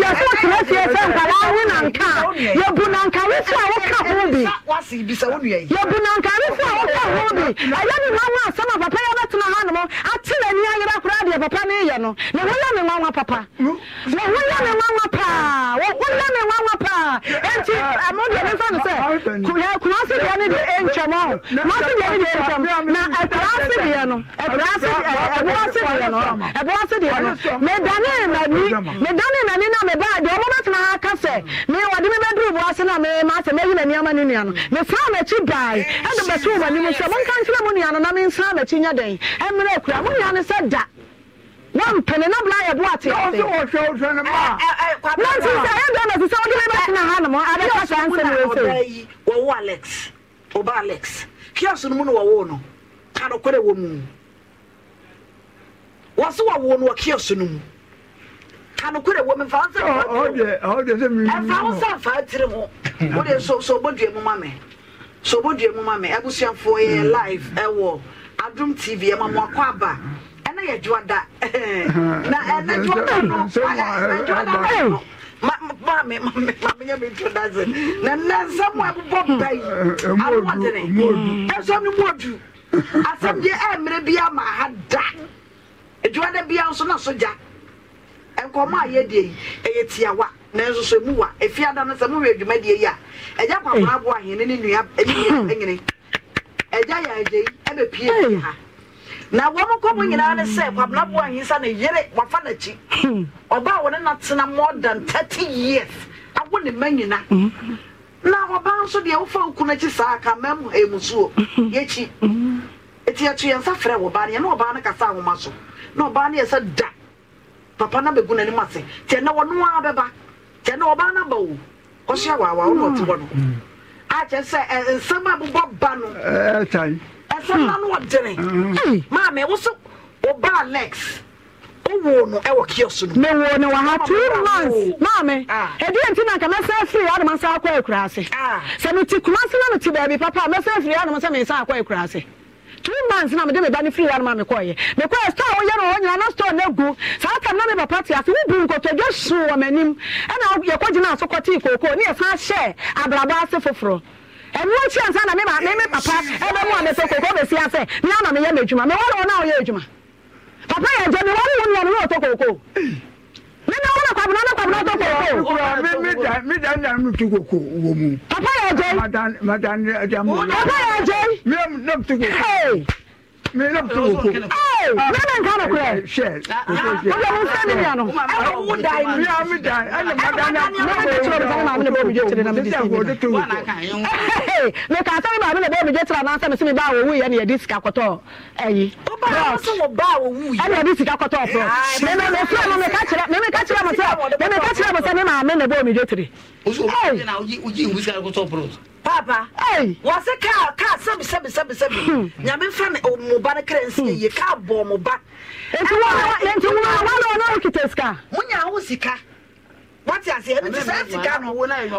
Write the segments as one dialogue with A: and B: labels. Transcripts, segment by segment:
A: deɛ sɛ kyerɛkyerɛ sɛ nkwadaa ho nanka a yɛbu nankare so a woka ho bi yɛbu nankare so a woka ho bi ɛyɛ ne nwanwa asɛm a papa yɛbɛtena ha nom ate n'ani ayera koraa deɛ papa ne yɛ no ne ho yɛ me nwanwa papa ne ho yɛ me nwanwa paa wo ho yɛ me nwanwa paa enti mo deɛ ne mfa no sɛ kura se deɛ ne deɛ ɛntwɛm ɔ ma se deɛ ne deɛ ɛntwɛm na ɛkura se deɛ no ɛkura se ɛboa se deɛ no ɛboa se deɛ no medane nani medane nani na me baa deɛ ɔmo bɛtena ha aka sɛ me wɔde me bɛduru bu ase na me ma sɛ meyi na ni ne nua no me fa m'akyi bae ɛde bɛto wɔ anim sɛ monka nkyerɛ mo nua no na me nsa m'akyi nya dɛn ɛmmerɛ akura mo nua no sɛ da wampene na bla yɛ boate nanti sɛ ɛyɛ dɛ na sisɛ wode me bɛtena ha nom abɛka saa nsɛm wei sɛ wɔwo alex ɔba alex kiaso no mu no wɔwo no ka nɔkɔrɛ wɔ mu wɔ se wɔwo no wɔ kiaso no mu ka nokorɛ wɔ memfa wo sa mfa tiri ho wode so obɔdua mu ma me so obɔdua mu ma me abusuafoɔ yɛ hmm. live ɛwɔ adom tv ɛma moakɔ aba ɛna yɛ dwoada hmm. na ɛnɛ eh, dwoada no eh, eh, dwoada no maame maame nyɛ mi tu daze na nansa mu abobɔ ba yi awoɔdene ɛsɛ no mu odu asɛm deɛ ɛmmerɛ bi ama ha da adwoada nkɔmɔ a yɛde yi ɛyɛ tiawa nanso so emu wa efi no sɛ mo wɔ adwuma deɛ yi a ɛgya kwamuna aboa hene ne nua ɛgya yɛ yi ɛbɛ pie ha na wɔn kɔ mu nyinaa ne sɛ ne yere wafa n'akyi na tena more than thirty years awo mm-hmm. na ɔbaa nso deɛ wofa okun n'akyi saa ka mɛm emusuo mm-hmm. yɛkyi eti frɛ na ɔbaa kasa ahoma so na ɔbaa da. papa na bɛgu n'anim ase tiɛ na wɔn a bɛba tiɛ na ɔbaa na ba o ɔhyɛ wawa ɔna ɔte hɔ no mm. mm. akyɛ sɛ nsɛm a ba no ɛtan bụ na mm. maame ɔbaa lex no ɛwɔ no. ha two months maame ah. na firi akɔ ekura ase ah. sɛ ti kumasi na ti papa firi mi nsa akɔ ekura ase. three months na mede meba ne firi ha no ma mekɔɔyɛ mekɔɛ store woyɛ no ɔnyina na store no agu saa tam na me papa te ase wobiri nkotodwa soo wɔ m'anim ɛna yɛkɔgyina so kɔtee kookoo ne yɛsan hyɛ abrabɔ ase foforɔ ɛnu akyi ansa na mema meme papa ɛbɛ mu a mepɛ kookoo bɛsi ase. me ama meyɛ m'adwuma mewɔre wɔ no a wɔyɛ adwuma
B: papa yɛ gya mewɔre wo nua no ne ɔtɔ kookoo mímí wọn náà kwabena náà kwabena tó kókó. mi jà ní àmì tó kókó wò mu. papa yà jẹ. madame madame jẹ papa yà jẹ. mi ò ní tó kókó mi na muso wo ko ne na nka na kura shɛ o de ko fɛn mi yan nɔ awo mu da yi mi y'an mi da yi ɛna
A: ma da yan ne ko tɔrɔ mi sanni maa mi na bɔ mi jɛ tiri na mi di sisan ko ne t'o ko mɛ k'a sani maa mi na bɔ mi jɛ tiri a n'an sani sini b'a wo wu yɛ ni yɛ di sika kɔtɔ ɛyi prɔt ɛni yɛ di sika kɔtɔ prɔt mɛ mɛ mɛ fila mi mɛ ka cira mɛ mɛ ka cira mɔ sɛ mɛ mɛ ka cira mɔ sɛ ne maa mi na bɔ mi jɛ tiri. o yi o ji wusi ka kɔtɔ prɔt papa wɔ se kaa kaa sɛbi sɛbi sɛbi sɛbi hmm. nyame fɛ ne oh, mo ba ne kra nsi hmm. yie kaa bɔ mo ba. nti wa nti wa wala ɔna okita sika. mo nya awo sika wati ase ebi ti sɛ sika no.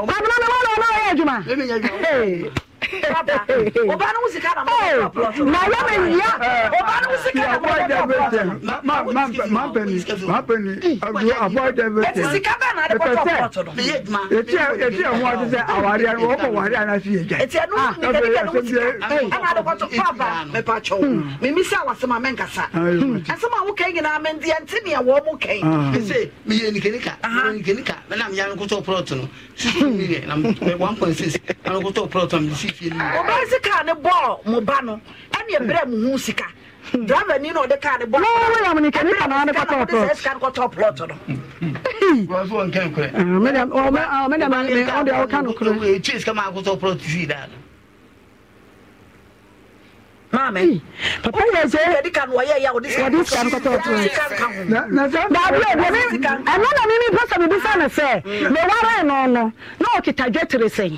A: papa na wala ɔna ɔyɛ adwuma
B: ọba
A: ni wusi kana mọ plọtọ. na yẹ mi yá ọba ni wusi kana
B: mọ plọtọ. ma pẹ ni ma pẹ ni avoid everything. eti sika bẹẹ na de bọtọ plọtọ dọ. eti ẹ eti ẹ hu ọtí sẹ awari ẹni wọn kọ wari ẹni afi yẹ jẹ. eti ẹnu nìkẹ́ nìkẹ́ ni wusi kana
A: ẹni adi bọtọ papa mi pa kyọ wo mímí sí àwàsímà mẹ nkasa ẹsẹmọ àwọn kẹyìn nyinaa mi ndiẹ ntí ni ẹwọ ọmú kẹyìn. ẹsẹ
C: mi yẹ nìkẹ́ nìkà nìkẹ́ nìkà mẹ náà mi yà mi kótó plọtọ nù six million one point six mi kótó plọtọ mi six fie ni.
A: ọba sika ne bọọ mo ba no ɛna ebere mu hu sika driver ni na ɔde kaa ne bọọ. lọ́wọ́ wíyà no.
B: wọ́n fọ nkẹ́ nkúrẹ́.
A: mẹ́dàá mẹ́dàá mẹ́dàá ọ̀dẹ̀ ọ̀ka nìkúrẹ́. ewu etí sika máa kọ́tọ̀ plọt sí i dáa. maame. papa yɛ sɛ ɛdi ka no ɔyɛ ya ɔdi sika ɔdi sika nkɔtɔ ɔtɔ yɛ daabi ɛno na mi mi pɛsɛ mi ne sɛ mɛ mm. no no na ɔkita dwetire sɛn.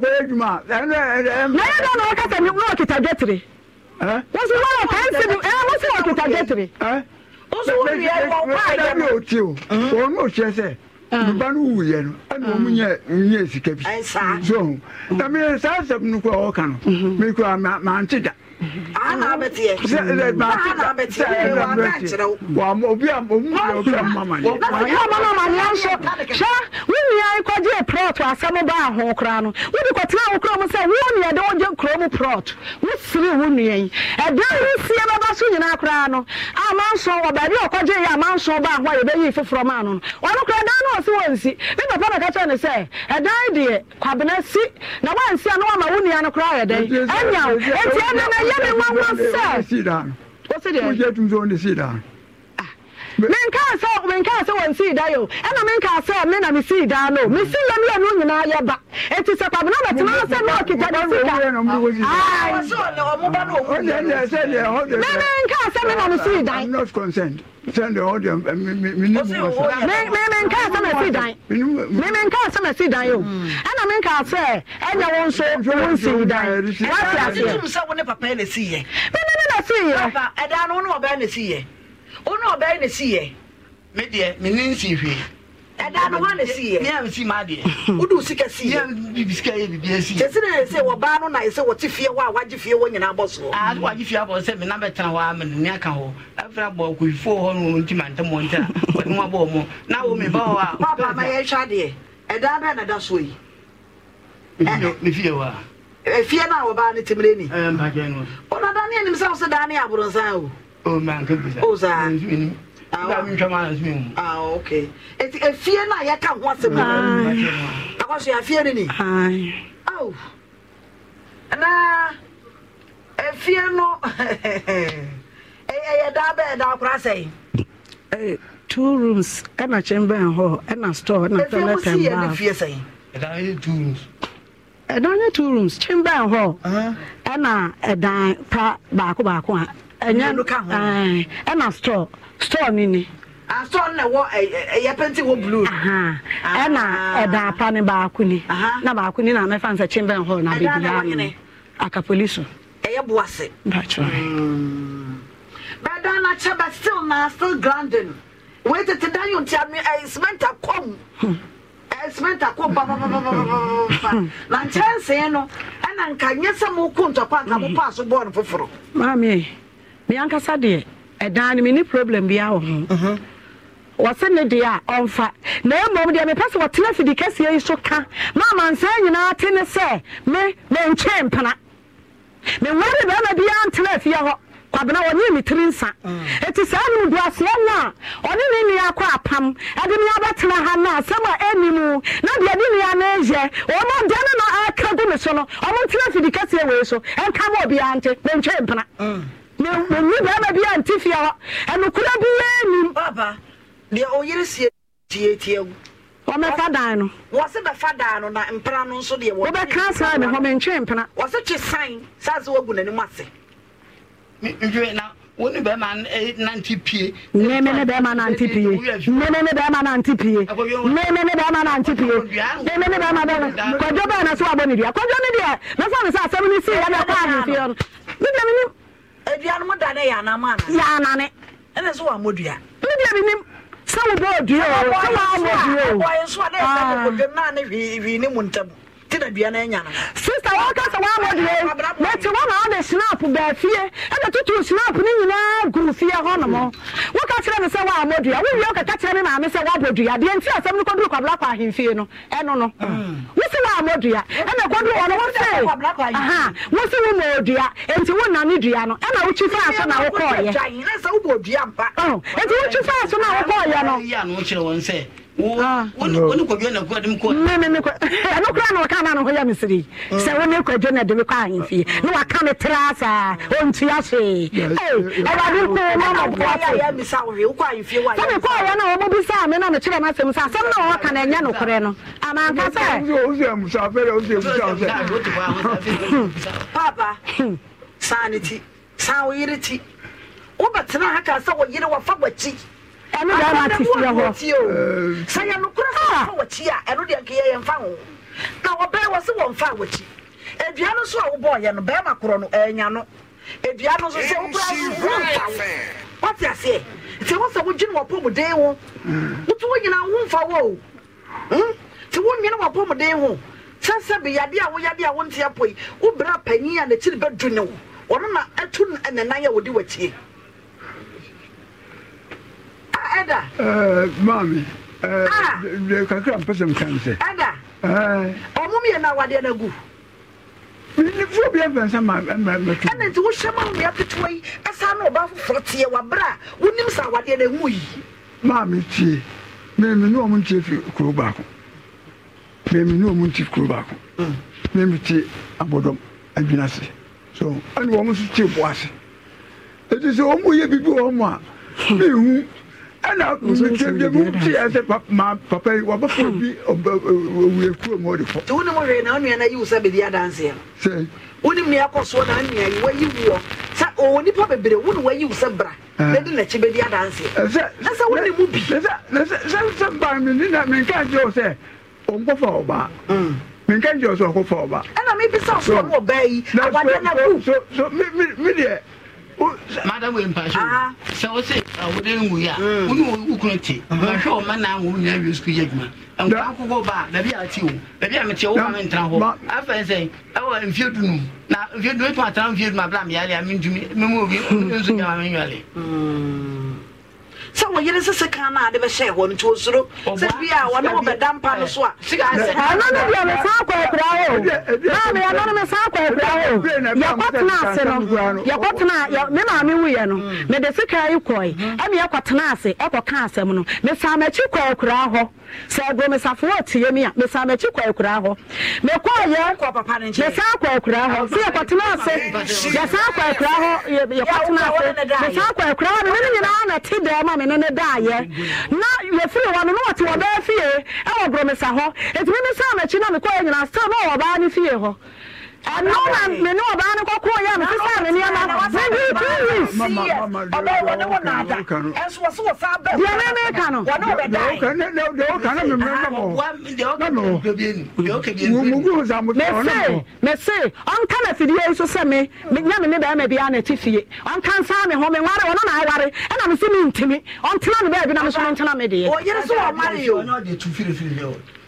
B: akɔyɛ adwuma. na yɛ dɔn na wɔn kasa kita gɛtiri. Eh? wɔn si wɔn kɛntɛ eh, mi ɛɛ wɔn si wɔn kita eh? gɛtiri.
C: wɔn si wɔn
A: yɛ wɔn kɔ ayɛ ɛdá mi ò
B: o wɔn n'o tiɛ sɛ ah. nuba ni wuyɛ no ɛna wɔn mm. nyɛ nyɛ sika bi. so na mi nsa asɛm nukura ɔka no mi kura maa n ti da
A: ana abɛteɛ ana abɛteɛ wa ka kyerɛw.
B: wa mo obi a mo mu yɛ obi a mo ma ne. yà mo ma ma ne yan so
A: hyɛ
B: wúni yà kɔ gye
A: prɔt asɛm ba aho kura no wúni kɔ tena ahokura mu sɛ wúni yɛ de wɔn gye kuro mu prɔt wúsiri wúni yɛ yi ɛdan yi sie bɛba so nyinaa kura no amanso wɔ baabi ɔkɔ gye yɛ amanso ba aho a yɛ bɛ yi foforɔ ma no wɔn kura dan no ɔsi wɔn si ne papa bɛ kakyɛ ne sɛ ɛdan deɛ kwabena si na wɔn nsi a no wɔn ama wúni yɛ no kura yɛ dɛ ɛnya o eti ɛdan na y ɛyɛ mi nwanwa sɛ wosi deɛ. woyɛ
B: tuntum ne si dan
A: menkaa sɛ menkaa sɛ wɔn da yɛ ɛna menkaa sɛ me na me sii da no me si lɛ mmienu nyinaa yɛ ba eti sɛ kwabena bɛtena sɛ na ɔkita ne sika me sɛ me na me si aseɛ mene ne na sii wone ɔbɛyɛ na si yɛ me deɛ me ne nsi hwee ɛdaa no hɔ na si yɛ mea mesi ma adeɛ wode wo sika si yɛbibi sika yɛ bibia si kyɛ sɛ ne sɛ wɔbaa no na ɛsɛ wɔte fie hɔ a wagye fie hɔ nyinaa bɔ soɔ ade wagye fie abɔ sɛ mena bɛtena hɔ a mene ne aka hɔ afra bɔ akɔwifoɔ hɔ no nti mantɛmɔ nti a mɔ na wo meba hɔ a papa ma yɛhwɛ adeɛ ɛdaa bɛɛ na da soɔ yi mefie hɔ a ɛfie no a wɔbaa no temmerɛ ni ɔnada ne sɛ wo sɛ daa ne o nti efie no a yɛka ho asɛm akwa so yɛafie no ni na efie no ɛyɛ daa bɛyɛ daa koraa sɛe eh, two rooms ɛna chamber hall ɛna store ɛna toilet and bath ɛdan eh, yɛ two rooms chamber and hall ɛna uh-huh. ɛdan eh, pa baako baako a ɛnyɛ ɛna store store ni ni. store na wɔ ɛyɛ pɛnti wɔ blue. ɛna ɛda apa ni baako ni na baako ni na mɛfa nsɛ chimbɛn hɔ na beebi ya no akapoli so. ɛyɛ buase. Hmm. bɛdan na kyɛ bɛ still na still grinding wei tete dan yi ti ami ɛyɛ cement akɔm. Hmm. cement akɔ babababababa hmm. na nkyɛnsee no ɛna nka nyɛ sɛ mo ntɔkwa nka mo pa aso bɔɔl foforo. me ankasa deɛ ɛdan no mene problem biaa wɔ ho mhm. wɔse ne deɛ a ɔmfa na mmom deɛ mepɛ sɛ wɔtena fidi kɛseɛ yi so ka ma amansaa nyinaa te ne sɛ me menkyee mpena meware bɛrima biaa ntena afie hɔ kwabena wɔnye me tiri nsa ɛti mm. saa no duaseɛ no a ɔne ne nua akɔ apam ɛde ne abɛtena ha no asɛm a ɛni mu na deɛ ne nua no yɛ ɔma da no na aka gu me so no ɔmo ntena fidi kɛseɛ wei so ɛnka ma obiaa nte mentwee mpena mm. na wɔnni bɛrima bi a nte fie hɔ ɛnokora bi wɛ nim. baba deɛ ɔyere sie tietie wo. wɔmɛfa dan no. wɔsi bɛfa dan no na mpena no nso deɛ wɔn. wɔbɛka saa mi hɔ mi ntwe mpena. wɔsi twe san saasi wagu n'anim
B: ase. nhwe na wɔn ni bɛrima nante pie.
A: mmemme ne bɛrima eh, nante pie mmemme ne bɛrima nante pie mmemme ne bɛrima nante pie mmemme ne bɛrima bɛrima kɔjɔ bɛrɛ na so wabɔ ne dua kɔjɔ ne deɛ na sɔ ne sɛ asɛm ne si yɛ bɛ kɔ ahemfie no ne deɛ ne nim aduanom da ne yɛ anam ana yɛ anane ɛna sɛ wɔamɔ dua ne deɛ menim sɛ wobɔɔ dua o sɛ wɔamɔ dua o ɔyɛ nso a ne yɛ sɛ mokɔdwam ah. na ne hwii ne mu ntam ti na dua na nya na sister wa ka sa wa mo de na ti wa ma na snap ba fie e na tutu snap ni nyina guru fie ho no mo wo ka kire me se wa mo dua wo wi o ka ka kire me ma me se wa bo dua de nti asem ni koduru kwabla kwa ahemfie no e no no wo se wa mo dua e na koduru wo no wo se aha wo se wo mo dua nti wo na ni dua no e na wo chi fa so na wo ko ye na se wo bo dua mpa nti wo chi fa
B: so na wo ko ye no ya no kire won se
A: ɛnokora na wɔka na no ho yɛ mesere sɛ wo ne kwadwo na de me ahemfie mm. ne waka me tra saa ɔntua hwee awurade no ɔmɔ me na mekyerɛ no asɛm sɛ asɛm na wɔka no ɛnyɛ nokorɛ no amanka sɛ saa ne ti saa wo ti wobɛtena ha sɛ wɔyere wɔfa wakyi ɛno a ɛno deɛ ho na wɔbɛɛ wɔ se wɔmfa a adua no so a wobɔɔyɛ no bɛrima korɔ no ɛɛnya no adua no nso sɛ wokora wote aseɛ nti wo sɛ wodwene wɔpɔ mu den ho woto wo nyina womfa wɔ o nti wonwene wɔpɔ mu den ho a woyade a wonteɛ wobrɛ panyin a n'akyiri ɛda.
B: ɛɛ maami ɛɛ kakra mpɛsɛ mu kan sɛ. ɛda eh.
A: ɔmo mmienu awadeɛ na gu.
B: nifoɔ bi ɛfɛnsa ma ɛmɛ mɛtu.
A: ɛna nti wohyɛ ma nnua ketewa yi ɛsan na ɔba foforɔ teɛ wabra a wonim sɛ awadeɛ na emu yi.
B: maami tie mɛmi ne ɔmo ntie fi kuro baako mɛmi ne ɔmo ntie kuro baako mɛmi mm. tie abɔdɔm adwina se so ɛna ɔmo nso tie bɔ ase eti sɛ ɔmo yɛ bibi wɔ ɔmo a mehu ɛna nkyɛn mu ti yɛ sɛ papa yi wabɛfo bi owuye kurom ɔde fɔ.
A: tí wúni mo hwɛ na ɔnua na yiwu sɛ bèbí adanseɛ. sɛ. wúni mi akɔ soɔ na ɔnua yi wɔyi wuɔ sɛ ɔwɔ nipa bebree wúni wɔyi wu sɛ bra. Ah. bɛdi n'akyi bèbí adanseɛ. ɛsɛ ɛsɛ
B: wúni mu bi. ɛsɛ ɛsɛ sɛ sɛ mbaa mi ni na mi nka jɛ o sɛ ɔnkɔfɔ mm. ɔbaa. mi nka jɛ o o sɛ ɔnkɔfɔ ɔbaa. ɛna mi bisa ɔsɔ madam wey mpa ah. so sɛ wo se wode nwu yi o wone wo kunu te mahwɛ wo ma na wo nyina wie sukuu yɛ adwuma nkwa akokɔ ba baabi a ate wo baabi a mete wo ma mentena hɔ afɛn sɛ ɛwɔ mfie dunum na mfie dunum ɛtumi atena mfie dunum abla
A: meyale a mentumi memu obi nso nyama menwale sɛ wɔyere sese kan no a de bɛhyɛ hɔ no nti ɔsoro sɛ bi a wɔne wo bɛda mpa no so a ɛno deɛ mesan kɔ apira hɔ maame ɛno no mesan kɔ apira hɔ yɛkɔtena ase no yɛkɔtena me maame wuyɛ no mm. mede sika yi kɔe mm-hmm. ɛne yɛkɔtena ase ɛkɔka asɛm no mesan m'akyi kɔ akura hɔ sɛ agro mesafoɔ atie mi a mesan m'akyi kɔ akura hɔ mekɔɔyɛ mesan kɔ akura hɔ sɛ yɛkɔtena ase yɛsan kɔ akura hɔ yɛkɔtena ase mesan kɔ akura hɔ no ne ne nyinaa na te dɛm a maame ne ne daayɛ na yɛfiri hɔ no na wɔte wɔ bɛɛ fie ɛwɔ borɔmesa hɔ ɛtumi ne saa m'akyi na mekɔɛ nyinaa still na ɔwɔ baa ne fie hɔ
D: ɛno na mene ɔbaa
A: no kɔkɔɔ yɛ mesesaa me nneɛma mede two weeksdeɛ memeka no mese ɔnka na fidie nso sɛ me nyɛ me ne bɛrima biaa na ɛte fie ɔnka nsaa me ho menware ɔno na aware ɛna me se mentimi ɔntena me baabi na me so no ntena me deɛ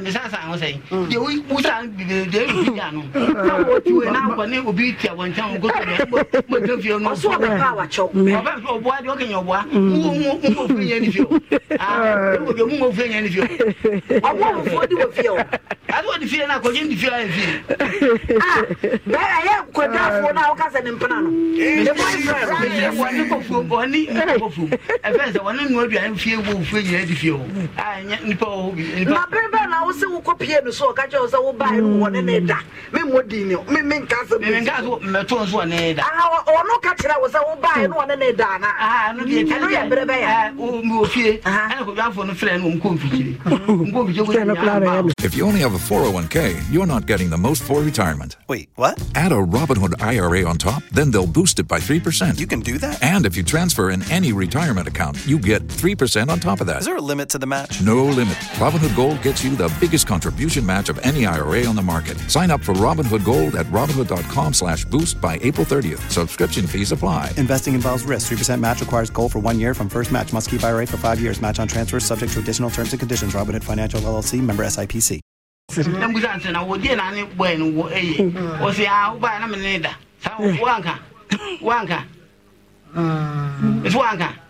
A: mesa san ho sɛn deɛ
B: wosan deɛ ɛyɛ bi ano na wɔtu wɛ na wɔ ne obi tia wɔn nkyɛn wɔn gosi dɛ mɔtɔ fie no ɔsɔ ɔbɛ fɔ awakyɛw ɔbɛ
C: fɔ ɔboa deɛ ɔkɛnyɛ ɔboa mu mu mu mo fi yɛn ni fie
B: o aa mu mo fi yɛn ni fie o ɔmo mo fo di o fie o
C: adi o di fie na akɔgye
A: o fie ayɛ fie. bɛɛ ɛyɛ kɔdaafo na ɔka sɛ ne mpana no wɔne
B: kɔfuo wɔne nkɔfuo ɛfɛ sɛ wɔne nua aduane fie wo fie nyinaa di fie o aa nipa o hɔ bi nipa. so
A: bẹ
D: If you only have a 401k, you're not getting the most for retirement. Wait, what? Add a Robinhood IRA on top, then they'll boost it by 3%. You can do that? And if you transfer in any retirement account, you get 3% on top of that. Is there a limit to the match? No limit. Robinhood Gold gets you you the biggest contribution match of any IRA on the market. Sign up for Robinhood Gold at Robinhood.com slash boost by April 30th. Subscription fees apply. Investing involves risk. 3% match requires gold for one year from first match. Must keep IRA for five years. Match on transfers subject to additional terms and conditions. Robinhood Financial LLC. Member SIPC. Hmm. na mbusa
C: nsɛ
A: na no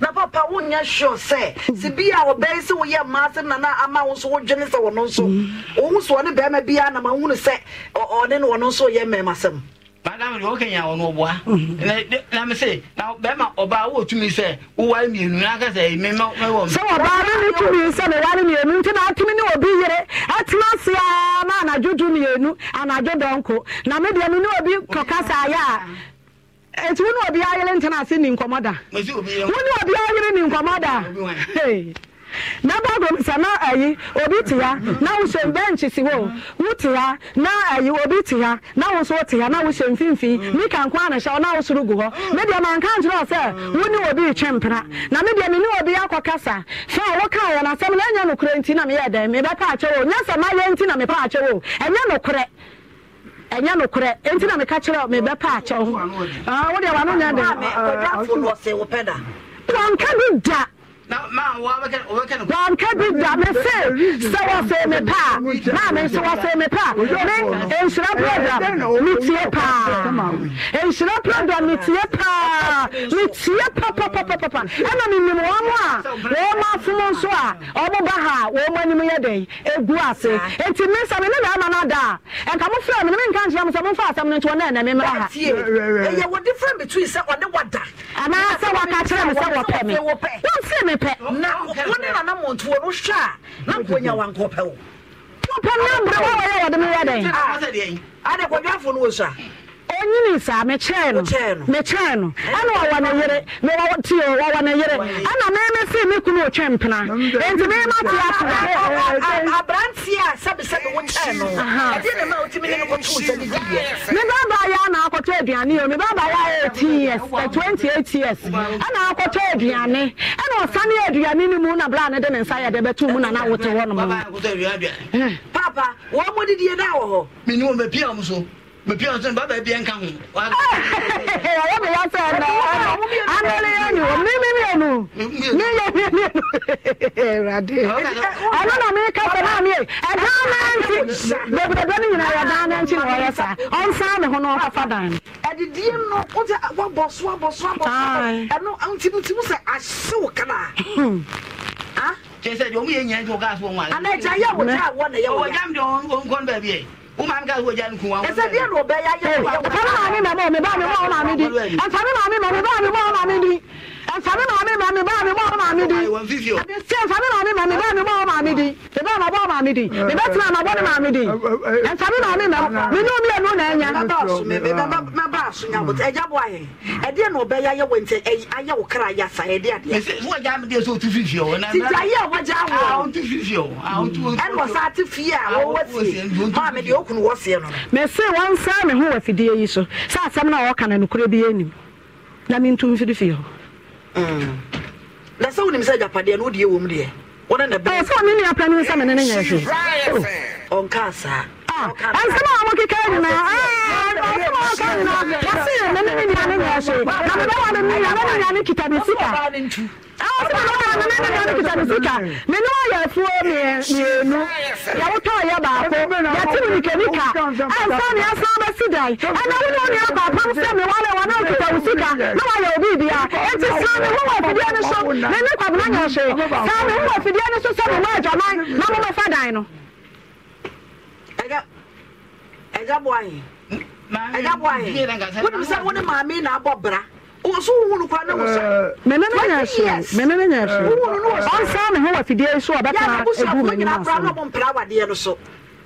A: na papa wonyɛ sure sɛ mm-hmm. sɛ bi a ɔbɛyi sɛ woyɛ mmaa sɛm nana ama wo nso wodwene sɛ wɔno nso ɔhu mm-hmm. so ɔne bɛrima biara nam ahunu sɛ ɔne ne wɔno nso yɛ mmɛma sɛm
B: madam mm-hmm. de wokanya wɔn ɔboa na me se na bɛrima ɔbaa wɔtumi sɛ woware mmienu na aka sɛ memɛ wɔ sɛ ɔbaa no ne tumi sɛ
A: meware mmienu nti na atumi ne obi yere atena se a na anadwo du mmienu anadwo dɔnko na medeɛ me ne obi kɔka saa yɛ a nti wo ne obiara yere ntena ase ni nkɔmmɔ da wo ne obiara yere ni nkɔmmɔ da na bagom sa na ayi obi te ha na wohyɛ bɛnkye si hɔ wote ha na ayi obi te ha na wo nso wote na wohyɛ mfimfini ne mm. ka nko anahyɛ wo na wo soro gu hɔ ne mm. deɛ manka nkyerɛ sɛ mm. wo ne obi retwe mpena na me deɛ mene obi akɔ kasa fa a woka yɛ no asɛm na ɛnyɛ nokorɛ nti na meyɛ dɛn mebɛpa akyɛ wo nyɛ sɛ mayɛ nti na mepa akyɛ wo ɛnyɛ nokorɛ ɛnyɛ nokorɛ enti na meka kyerɛ mebɛpɛ akyɛw ho ah, wode wano nyɛ de ah, ah, pɔnka bi da
B: wɔnka bi da me se sɛ wɔsee me paa na me nso wɔsee me paa me nhyira program pa. paa
A: nhyira pa pa pa pa pa. ɛna menim wɔ mo a wɔn mo asom nso a ɔmo ba ha wɔn mo anim yɛ den egu ase nti e me nsa me ne na ama na da nka e mo fira me ne me nka nkyerɛ mo sɛ mo nfa asɛm no nti wɔn na ɛna me mra ha. ɛyɛ e wɔ different between sɛ ɔde wada. anaasɛ wɔka kyerɛ me sɛ wɔpɛ mi. wɔn fira me pɛ oh, na oh, wone nana mɔntoɔ no hwɛ a na mponya wankɔpɛ wo wopɛ na mbrɛ wɔ wɔyɛ wɔde meyɛ dɛn ah, ade kɔdwafoɔ no wɔ su onyini saa mekyerɛe no mekyerɛe no ɛna wɔwɔ ne yere mewɔ tio wɔwɔ ne yere ɛna meme fii me kunu ɔtwe mpena enti mema toatoa mebaba yɛ ana akɔtɔ aduane o Me mebaba yɛ eighteen years eh, twenty eight years ɛna akɔtɔ aduane ɛna ɔsane aduane no mu na bra ne de ne nsa yɛ de bɛto mu na na wote hɔ nom eh. papa wɔn mo didie na wɔ hɔ menu ɔmapia m so mepia no so no baba bia nka ho ɔyɛ de wa sɛ ɛnɛ anɔle yɛ nu mi mi mi nu mi yɛ mi mi nu ɛwurade ɛno na mi ka sɛ naa mi yɛ ɛdan nanti bebrebe no nyinaa yɛ dan nanti na ɔyɛ saa ɔnsan ne ho na ɔfafa dan no. ɛdidie no o ti wabɔ so abɔ so abɔ so ɛno ntimuntinu sɛ ahyew kana. kyerɛ sɛ deɛ ɔmu yɛ nyɛ nti ɔka so wɔn wa. ana ɛgya yɛ wɔ gya awɔ na yɛ wɔ gya. ɔwɔ gya mi de ɔnkɔn baabi yɛ woman girl wo jẹun kun wa. ẹsẹ díẹ ló bẹ ya yẹ. ẹnfani maami mẹmọ mi bá mi mọ ọ di ẹnfani maami mẹmọ mi bá mi mọ ọ maami di ɛnfami maame maame baa mi bɔɔ maame di ɛbisi ɛnfami maame maame baa mi bɔɔ maame di mi baa ma bɔɔ maame di mi bɛ tena ma bɔ ne maame di ɛnfami maame ma mi ni omi enu na ɛnya. mɛ baa su mɛ bɛ mɛ baa su nya bɔtɔ ɛja bɔ ayɛ ɛdi na ɔbɛ yayɛ wɔ ntɛ ɛyi ayɛ wɔ kra ya sa ɛdi adi. mɛ fún
B: ɛja mi di yɛ sɛ o tu fifi o. titi ayi a wɔja wɔ. a o tu fifi o. ɛnna
A: ɔsa ti fi a wɔwɔ si maa mi di o kun wɔ si yɛ nɔ. mɛ se wɔn sɛ mi hu wɔ fidie yi so sɛ asɛm na ɔka na nukuri bi yɛ nim na mi ntu nfiri fi hɔ. Mm. na sɛ wonim sɛ agyapadeɛ no wodeɛ wɔ deɛ wone ne ɔnkaa saa ɛnsɛm a wɔkeka nyinaa ɔsɛm ne sika mene wayɛ baako yɛte no sida yi ɛna wo ne onua baapam sɛ me wale wɔ na okita wo sika na wayɛ obi bia enti saa me ho wɔ afidie no so na ne kwabena nya hwee saa me ho wɔ afidie no so sɛ me ma adwaman na mobɛfa dan no ɛgya ɛgya boa yi ɛgya boa yi wonim sɛ wo ne maame na abɔ bra so wohunu kwa ne wo sɛ menene nya hwee ɔnsa me ho wɔ afidie so ɔbɛka ɛgu m'anim asɛm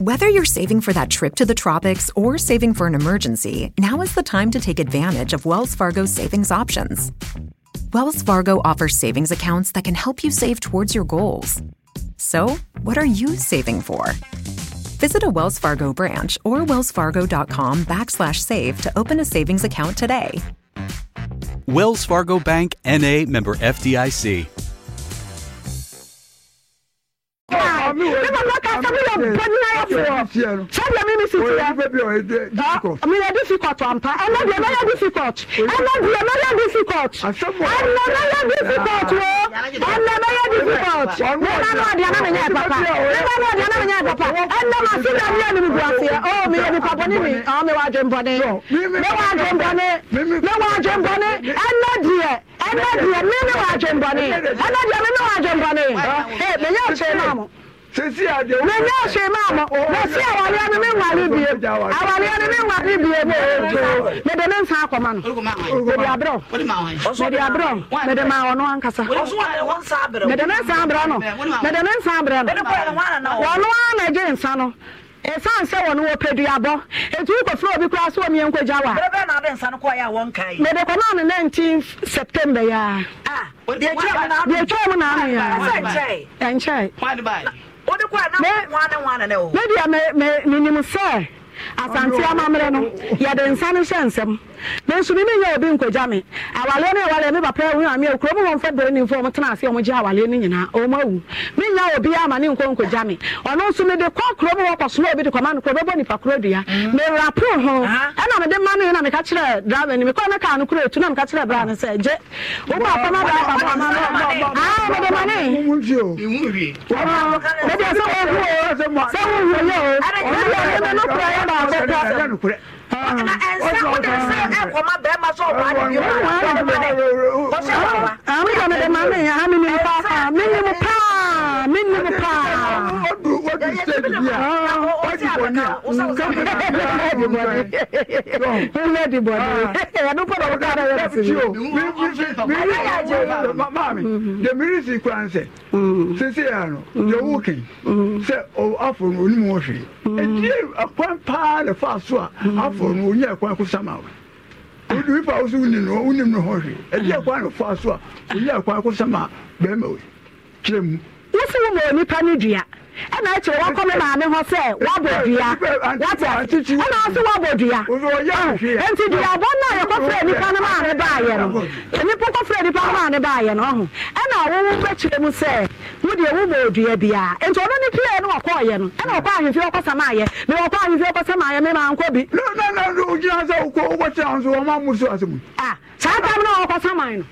D: Whether you're saving for that trip to the tropics or saving for an emergency, now is the time to take advantage of Wells Fargo's savings options. Wells Fargo offers savings accounts that can help you save towards your goals. So, what are you saving for? Visit a Wells Fargo branch or wellsfargo.com backslash save to open a savings account today.
E: Wells Fargo Bank NA member FDIC.
B: time ne papa ka sɛ moyɛ bɔnyinaefoɔ sɛdeɛ meme sisiɛ meyɛ difficult ampa ɛnɛ deɛ mɛyɛ difficult
A: ɛnɛ deɛ mɛyɛ difficult ɛnɛ mɛyɛ difficult o ɛnɛ mɛyɛ difficult mema no ɔdeɛ na menyɛ papa mema no ɔdeɛ na menyɛ papa ɛnɛ mase da meyɛ ne mebuaseɛ o meyɛ nipa bɔne me mewɔ adwembɔne mewɔ adwembɔne adwembɔne ɛna deɛ me ne wɔ adwembɔne menyɛ hwee ma mo menyɛ hwee ma mo mɛsi awareɛ no menware bie awareɛ no menware bie mede ne nsa akɔma no mede aberɛ mede aberɛ mede ma ɔno ankasa mede ne nsa aberɛ no mede ne nsa aberɛ no ɔno ara na gye nsa no ɛsan sɛ wɔn wɔ pɛduabɔ etu kɔfra obi kura so wɔn yɛn nkogya wa. bɛrɛ bɛrɛ na adi nsa no kɔ september ya. Ah, deɛ twɛ mu naa mi ya. ɛnkyɛn. ɛnkyɛn. o de kɔ a na wan ne wan ne asante amammerɛ no yɛde nsa no hyɛ nsɛm nanso mi mi yɛ obi nkogya mi awale ne awale mi papa ehu ami ekuro mu wɔn fɛ dɔre ne nfa wɔn tena ase wɔn gye awale ne nyinaa wɔn awu mi nya obi ama ne nko nkogya mi ɔno nso mi de kɔ kuro mu wɔ kɔsoro obi de kɔma no kuro bɛbɔ nipa kuro dua me raporo ho ɛna mi de ma no yɛ na mi ka kyerɛ driver ni mi kɔɔ ne kaa no kuro etu na mi ka kyerɛ bra ne sɛ gye wɔn mu apama bra apama ama no ɔbɔ aa mi de ma ne.
B: mi de sɛ wɔn hu o sɛ wɔn hu o yɛ o wɔn hu o yɛ mi no kura yɛ baako kura sɛ
A: ɛnsɛ wode sɛ ɛkɔma bɛrima sɛ ɔwa ne bio
B: ɔsɛ wawa wodɛ mede ma me ha menim paa menim paa menim paawodi bɔnemame deɛ meresi kora n sɛ seseɛ no deɛ woken sɛ afɔ no ɔnim wɔ hwee Mm. eti ɛkwan paa na fa so a mm. afɔ no onye ɛkwan ko sama o odi ifa o so wunim no wunim no hɔ hwee eti ah. ɛkwan na fa so a onye ɛkwan ko sama bɛrima o kyerɛ mu. wosi wo nipa ne dua ɛna akyerɛ wakɔ me maame hɔ sɛ wabɔ
A: dua wate ɛna ɔso wabɔ dua nti duabɔ no a yɛkɔfrɛ nnipa no maa ne baayɛ no nnipa kɔfrɛ nnipa no maa ne baayɛ no ɔho ɛna wowo bɛkyerɛ mu sɛ wodeɛ wobɔ dua biaa nti ɔno ne pie no wɔkɔɔyɛ no ɛna wɔkɔ ahemfie wɔkɔsam ayɛ
B: me wɔkɔ ahemfie wɔkɔsam ayɛ me mankɔ bi wogyina sɛ wobɔkyerɛ so ɔma mu so asɛm saa tam no a wɔkɔsaman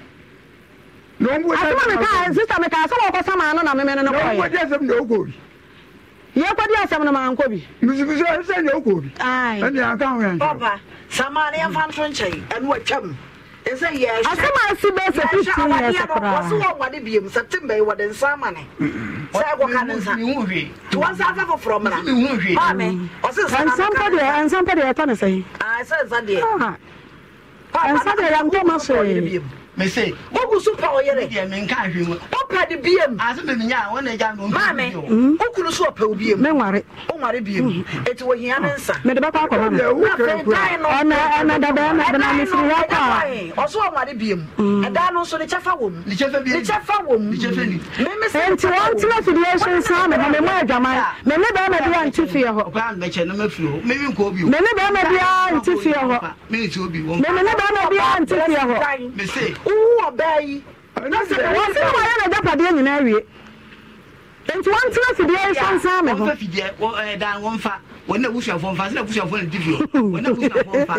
B: no asoma meka sista meka sɛ
A: wɔkɔsaman no na o no kɔyɛ yɛ kɔdi asɛm no mankɔ bi misibisɛ sɛ yɛ wokɔ bi ɛne anka ho yɛnɔba samaa ne yɛmfa nto nkyɛn ɛne watwam asɛm asi bɛ sɛ fifteen years koraa wɔso wɔ wɔde biam september yi wɔde nsa ama ne sɛ ɛkɔka ne nsa nti wɔn nsa afɛ foforɔ mmra maame ɔse nsa nsampa deɛ nsampa deɛ ɛtɔ ne sɛn sɛ nsa deɛ ah. nsa deɛ mese wogu so pa ɔyere deɛ menka hwe mu wopɛ de biam ase meminya a wɔna agya no maame wokunu mhm. so ɔpɛ o biam menware woware biam ɛti mhm. wɔhia ne nsa mede bɛkɔ akɔma noɛna dabɛɛma bena mesere yɛkɔ a ɔso ɔware biam mhm. ɛdaa no nso ne kyɛfa wɔ mu ne kyɛfa wɔ mu nti wɔntena fidie so nsa me ho memu adwaman mene bɛɛma bi a nte fie hɔ
B: mene bɛɛma bi a nte fie hɔ memene bɛɛma bi a nte fie
A: hɔ wowu ɔbaa yi na sɛ wɔn sɛ wɔyɛ na agyapadeɛ nyinaa wie nti wɔn tena fidie nsansan mi hɔ. wɔn fɛ fidie ɛdan wɔn fa wɔn na busuafo nfa sɛ busuafo na dibi o wɔn na busuafo nfa.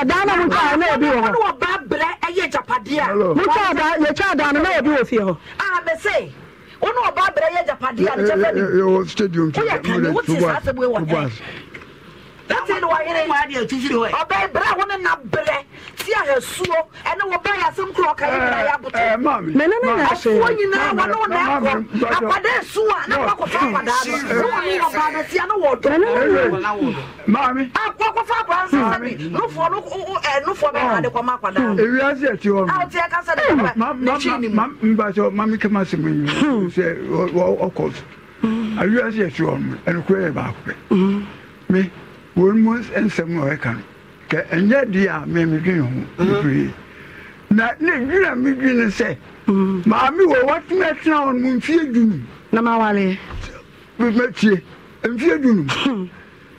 A: ɛdan na mo tɔ a na ebi wɔ hɔ. wɔn ɔbaa brɛ ɛyɛ japadeɛ. mo tɔ ɔda yɛ tɔ ɔda no na ebi wɔ fie hɔ. a bɛ se wɔn na ɔbaa brɛ yɛ japadeɛ a ne kyɛ fɛ ni. ɛɛ
B: stadium ti yɛ kan ni wotu sase bo wɔ ɛ.
A: lati ni wa yɛrɛ. ɔbɛ brɛ wɔn na brɛ esuo ɛne wɔ ba yasɛm kura ɔka ne nyinaa yɛ eh, aboto
B: eh, mɛ ne ne na afuo nyinaa wɔne
A: wo na ɛkɔ akwada esu a na kɔ kɔfa akwadaa no na wɔn yɛ ɔbaa na tia na wɔ dɔ maame akɔ kɔfa akwadaa nsa sɛ bi nufoɔ no ɛɛ nufoɔ bɛ na de kɔma akwadaa no ewia se ɛti hɔ no awo tia kasa de kɔma ne kyi ni mu
B: mba sɛ maame kama se mu yi hmm. sɛ ɔkɔ awia se ɛti hɔ no ɛnukura yɛ baako pɛ me hmm. wɔn mu nsɛm na ɔyɛ kan no kɛ ɛnyɛ di a mɛmidwi ho na ne dwina midwi ne sɛ mm. maame wɔ watumi atena hɔ no mu mfie dunum na mawale mɛtie mfie dunum hmm.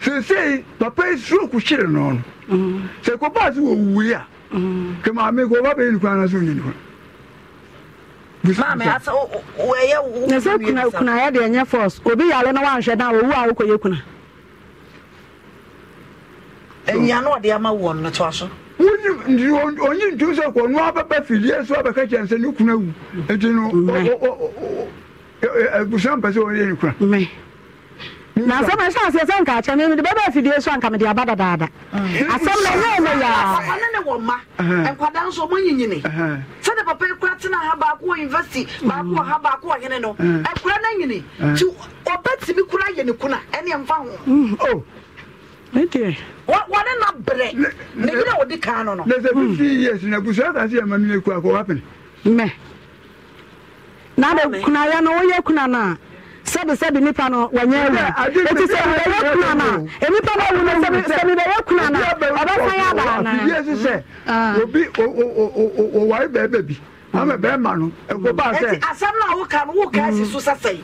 B: sesei papa yi stroke hyere no no mm. sɛ kɔbaa so wɔwuwei a mm. kɛ maame kɔ ɔba bɛyɛ nukura na so ɔnyɛ nukura maame asɛ
A: wɔyɛ wo na sɛ kunayɛ
B: deɛ nyɛ force obi yare na wanhwɛ na wɔwu a wokɔyɛ kuna
A: ɛnyia no ɔde ama wɔn no to aso
B: wonyim ntum sɛ kɔno abɛbɛ fidie so abɛka kyɛn sɛ ne kuna wu nti no e- e- abusua mpɛ sɛ ɔyɛ ne kuna na o
A: ɛhyɛ aseɛ sɛ nka akyɛ no bɛbɛ afidie so anka mede aba dadaada mm. asɛm no ɛyɛ ne ma nkwadaa nso nyinyini sɛde papa tena ha baako wɔ baako wɔ ha baako wɔ hene no nti kura yɛ ne kuna ɛne ho mm.
B: oh. wɔde
A: na berɛ na bi na wɔde no no. na sɛ fifty
B: years na busua yɛ ma mi yɛ akɔ wapene. mɛ
A: na de kunaya no wɔyɛ kuna na sɛbi sɛbi nipa no wɔnyɛ ewu eti sɛ kuna na enipa no ewu no sɛbi sɛbi kuna na ɔbɛsan yɛ na. yɛ sisɛ
B: obi ɔwari bɛ bi ama bɛɛ ma no ɛkɔ ba sɛ. eti
A: asɛm na no esi so sɛsɛ yi.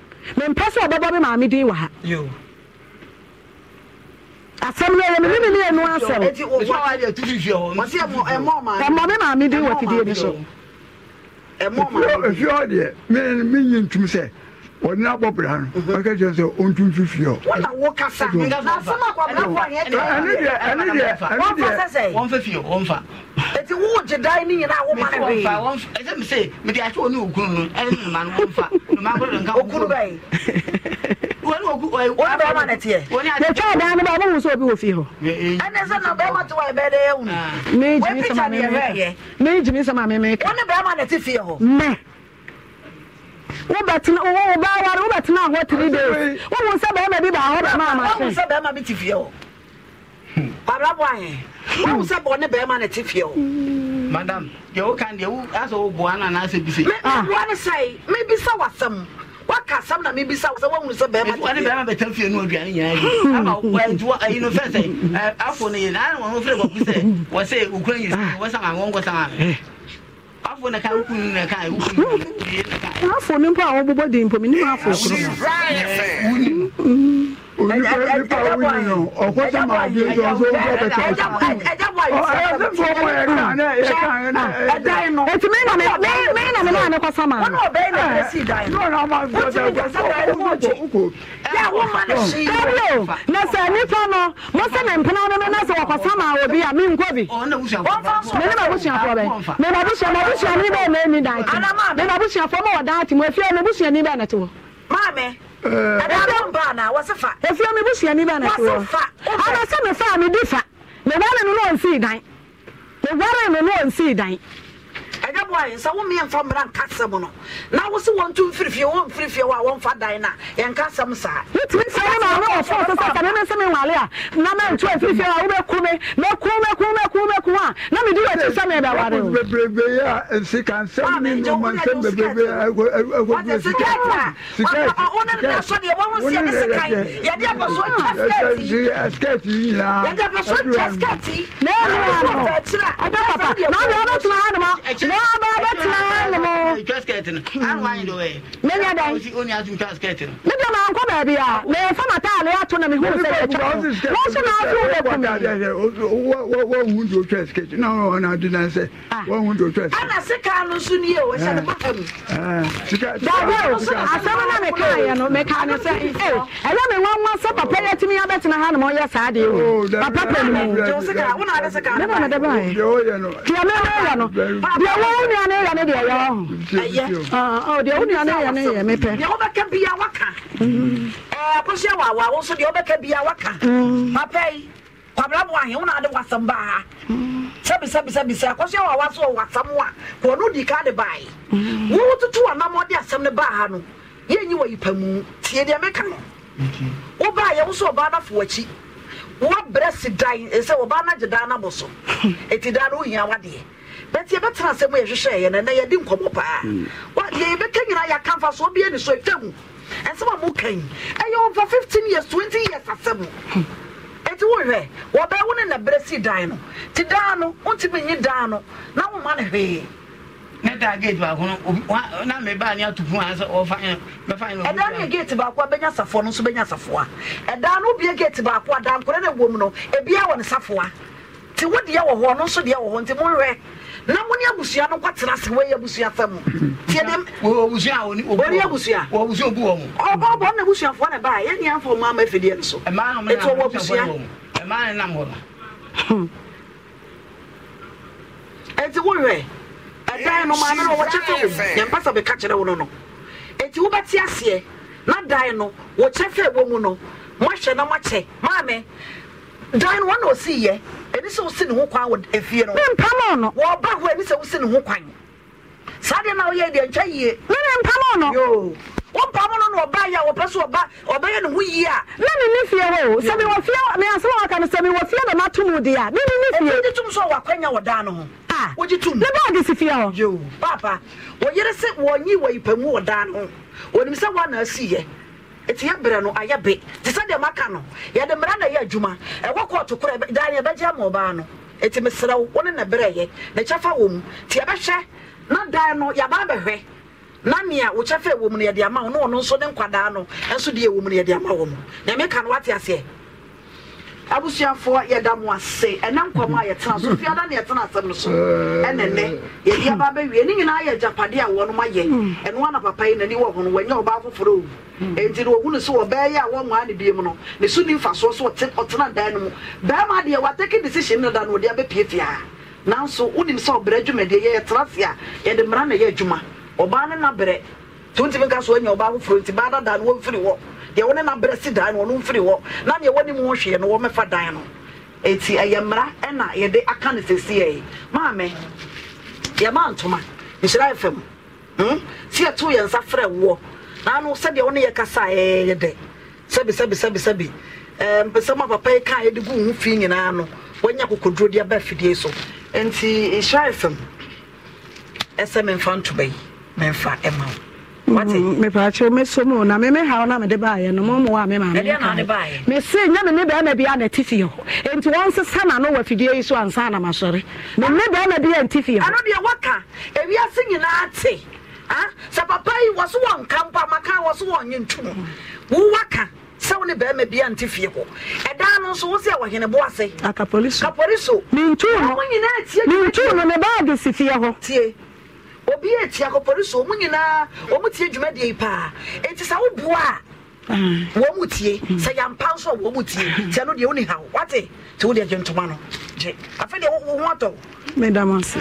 A: mempɛ sɛ ɔbɛbɔ me maame din wɔ ha
B: asɛm no ɛyɛ me meme ne ɛno asɛm ɛmmɔ me maame din wɔ fidie bi so ɛmɔ deɛ menyi ntum sɛ ɔne abɔ bra no ɔka kyerɛ sɛ ɔntu mfi fie ɔ
A: ɛti wo gyedae ne nyinaa woma no bɛɛsɛm sɛ mede akyɛ ɔne ɔkunu no ɛne noma no wɔmfa nomankɔdɔnkaɔkunu bɛe eh, bɛrima ne teɛ yɛtwaa daa no bɛa wohu sɛ obi wɔ fie hɔ eh. ɛne sɛ na bɛrima te wɔ ɛbɛdɛ ah. yɛ wu no megyimi sɛma memeka megyimi sɛma memeka wone bɛrima ne te fie hɔ mɛ wobɛtena wobɛaware wobɛtena hɔ three days wohu sɛ bɛrima bi baa hɔ bɛma amase sɛ bɛrima bi te fie hɔ abrabɔ ayɛ wohu sɛ bɔ ne bɛrima ne te fie hɔ madam deɛ woka deɛ wo asɛ woboa no anaasɛ bi sɛ meboa ah. no sɛe mebisa wasɛm waka asɛm na mebisa sɛ woahunu sɛ bɛrimawane bɛrima bɛtam fie no aduane sɛ eh, afo no yɛ na ana wɔno afọ na kan ni mpo àwọn bobo di mpo mi ni afọ kuro ma
B: ọkọ sẹ ma ọbi ẹjọ ọsọ ọjọ bẹtẹ ọsọ ọyọ ɛti mi na mi mi na mi
A: na mi n'o n'o na sɛ nipa nɔ mo a mi bi. ɔ ne bɛ. mɛ ne ma wusu afɔ bɛ mɛ ma wɔ da ti mo efiye mi wusu ne ti wɔ. maame. ɛdá bá ne ti wɔ. sɛ mi fa mi di fa mɛ wɔn ni no nsi dan. oware know na ɔnsii dan ɛnyɛ bo ayɛ nsa wo mmea mfa mmra nka asɛm no na wo se wɔnto mfirifie wɔ mfirifie wɔ a wɔmfa dan no a yɛnka asɛm saa wotumi sɛ ne ma wone wɔfo so sɛ sɛ meme se menwale a na manto afirifie a wobɛku me mɛku mɛku mɛku mɛku a na medi wati sɛ mebɛware
B: bebrebee a sikansɛm ne nomansɛm bebrebee ɛkɔsɛm ɔba bɛtena ne mo
A: menya dɛn mede mankɔ baabi a memfa mataale ato na mehu sɛ yɛkyɛ mo so na sika no so nie o ɛhyɛ ne matam
B: dabeo asɛm na mekaeɛ no mekaa no sɛ ɛyɛ
A: me nwanwa sɛ papa yɛatumi abɛtena ha nom ɔyɛ saa deɛ o papa pɛ no mu deɛ mɛmɛyɛ no deɛ wɔ wo nua ne yɛ ne deɛ yɛ ɔho ɛyɛ deɛ wo nua ne yɛ ne yɛ mepɛ deɛ wobɛka bia waka kɔhyɛ wawa wo nso deɛ wobɛka bia waka papa yi kwabra bo ahe wo na ade wasɛm baa sɛbisɛbisɛbisɛ kɔhyɛ wawa so wɔ wasɛm a kɔ no di ka de bae wo toto anam ɔde asɛm no baa no yɛnyi wɔ yipa mu tie deɛ meka no wobaa yɛ wo so ɔbaa nafo w'akyi woabrɛ si dan sɛ wɔbaa no agye daa no abɔ so ɛti daa no wohia bɛti yɛbɛtena asɛm yɛhwehwɛ yɛ no ɛnɛ yɛde nkɔmmɔ paa deɛ mm. yɛbɛka nyinaa yɛaka mfa so obiɛ ne so ɛtwa mu ɛnsɛm a moka yi ɛyɛ ɔmfa 15 years twenty years asɛm ɛti wohwɛ wɔbɛɛ wo ne na berɛ sii dan no nti daa no wontimi nyi daa no na woma no hwee ne daa gate baako no na mebaa ne atopu a sɛ ɔfa ɛdaa ne yɛ gate baako a bɛnya asafoɔ no nso bɛnya asafoa ɛdaa no wobia gate baako a dankora no ɛwɔ mu no ebia wɔ ne safoa nti wodeɛ wɔ hɔ no nso deɛ wɔ hɔ nti monhwɛ na mo ne abusua no kɔtena ase wɔyɛ abusua fa mu tiɛ dɛm wɔni abusua wɔbusua obu wɔn mu ɔbɔ ɔbɔ ɔna abusuafoɔ na ba yɛn ni anfa ɔmo ama efidie no so etu ɔwɔ abusua ɛmaa ne nam hɔ no hmm. eti wohwɛ
C: ɛdan no maame no wɔkyɛ fɛ wɔm yɛn mpasa
A: bɛka kyerɛ wɔn no eti wobɛte aseɛ na dan no wɔkyɛ fɛ wɔm no mo ahyɛ na mo akyɛ maame dan wɔn na osi yɛ ɛni sɛ osi ne ho kwan wɔ efie no. mi mpam ɔno. wɔn ba hɔ ɛni sɛ osi ne ho kwan saa deɛ na ɔyɛ deɛ ntwa yie. mi mi mpam ɔno. yoo wɔn pam ɔno na ɔba yɛ a wɔpɛ so ɔba ɔbɛyɛ ne ho yie a. mi mi ni fie wɔ o sɛmi wɔ fie mi asɛm a wɔka no sɛmi wɔ fie na ma tum di a mi mi ni fie. ebi di tum so wɔ akɔnya wɔ dan no ho. a wogye tum. ne baagi si fie hɔ. yoo paapa wɔyere se wɔnyi wɔ ipamu wɔ dan no ho wɔnim sɛ wɔn na asi yɛ ɛti yɛ no ayɛ be te sɛ deɛ maka no yɛde mmara na ɛyɛ adwuma ɛwɔ kɔɔto korɛ daa ne yɛbɛgye ama ɔbaa no ɛti mesrɛ wo wo ne ne berɛ yɛ ne kyɛfa wɔ mu ti yɛbɛhwɛ na dan no yɛaba abɛhwɛ na nea wo kyɛfa ɛwɔ mu no yɛde ama wo na ɔno nso ne nkwadaa no ɛnso deɛ ɛwɔ mu no yɛde ama wɔ mu nyame ka no wate aseɛ abusuafoɔ yɛda mo ase ɛnɛ nkɔmɔ a yɛtena so fiada na yɛtena asɛm no so ɛnɛ nɛ yɛde aba bɛwie ne nyinaa yɛ agyapadeɛ a wɔnom ayɛ hmm. ɛno ana papa yi n'ani wɔ ho no wɔnyɛ ɔbaa foforɔ o hmm. enti no wɔhunu sɛ wɔbɛɛyɛ a wɔnwaa ne biem no ne so ni mfasoɔ so ɔtena dan no mu bɛrima deɛ watake decision no da no wɔde abɛpiepie a nanso wonim sɛ ɔbrɛ adwumadeɛ yɛ yɛtena se a yɛde mmara na yɛ adwuma ɔbaa no nabrɛ tontimi ka so anya ɔbaa foforɔ nti baa dada no wɔmfiri wɔ deɛ wɔne n'abrɛ si dan no ɔno mfiri hɔ na deɛ wɔne mu hwee no wɔmɛfa dan no eti ɛyɛ mmara ɛna yɛde aka ne sɛsi yɛ maame yɛma ntoma nhyira fm hmm si ɛto yɛn nsa frɛ woɔ n'ano sɛdeɛ wɔne yɛ kasa ɛɛyɛ dɛ sɛbi sɛbi sɛbi sɛbi ɛɛ mpɛsɛm a papa yi kan yɛde gu ho fi nyinaa no wɔnyɛ kokoduro de aba afidie so nti nhyira fm ɛsɛ mɛmfa ntoma yi mɛmfa ɛma Mm, mm, mepaakyɛ mɛsom o na memehaw na mede baayɛ no momoa me maame mese nyɛ me ne bɛrima bia na ɛte fie hɔ enti wɔnsesa na no wɔ afidie yi so ansa na masɔre me ne bɛrima bia nte fie hɔɛno deɛ wɔka ewiase nyinaa te sɛ papa yi wɔ so wɔ nka mpo amaka wɔ so wɔnyɛ ntum wowaka sɛ wo ne bɛrima bia nte fie hɔ ɛdaa no nso wo sɛ wɔhene bo ase akapɔri so mentu no mentu no ne baage si fie hɔ tie obi eti akɔpɔri so ɔmu nyinaa ɔmu tie dwumadie yi paa eti sa wobu a ah. wɔn mu tie sɛ yampa nso a wɔn mu tie ah. tia no deɛ wo ni ha wate te wo deɛ gye ntoma no gye afei deɛ wo ho atɔ. mɛdam ase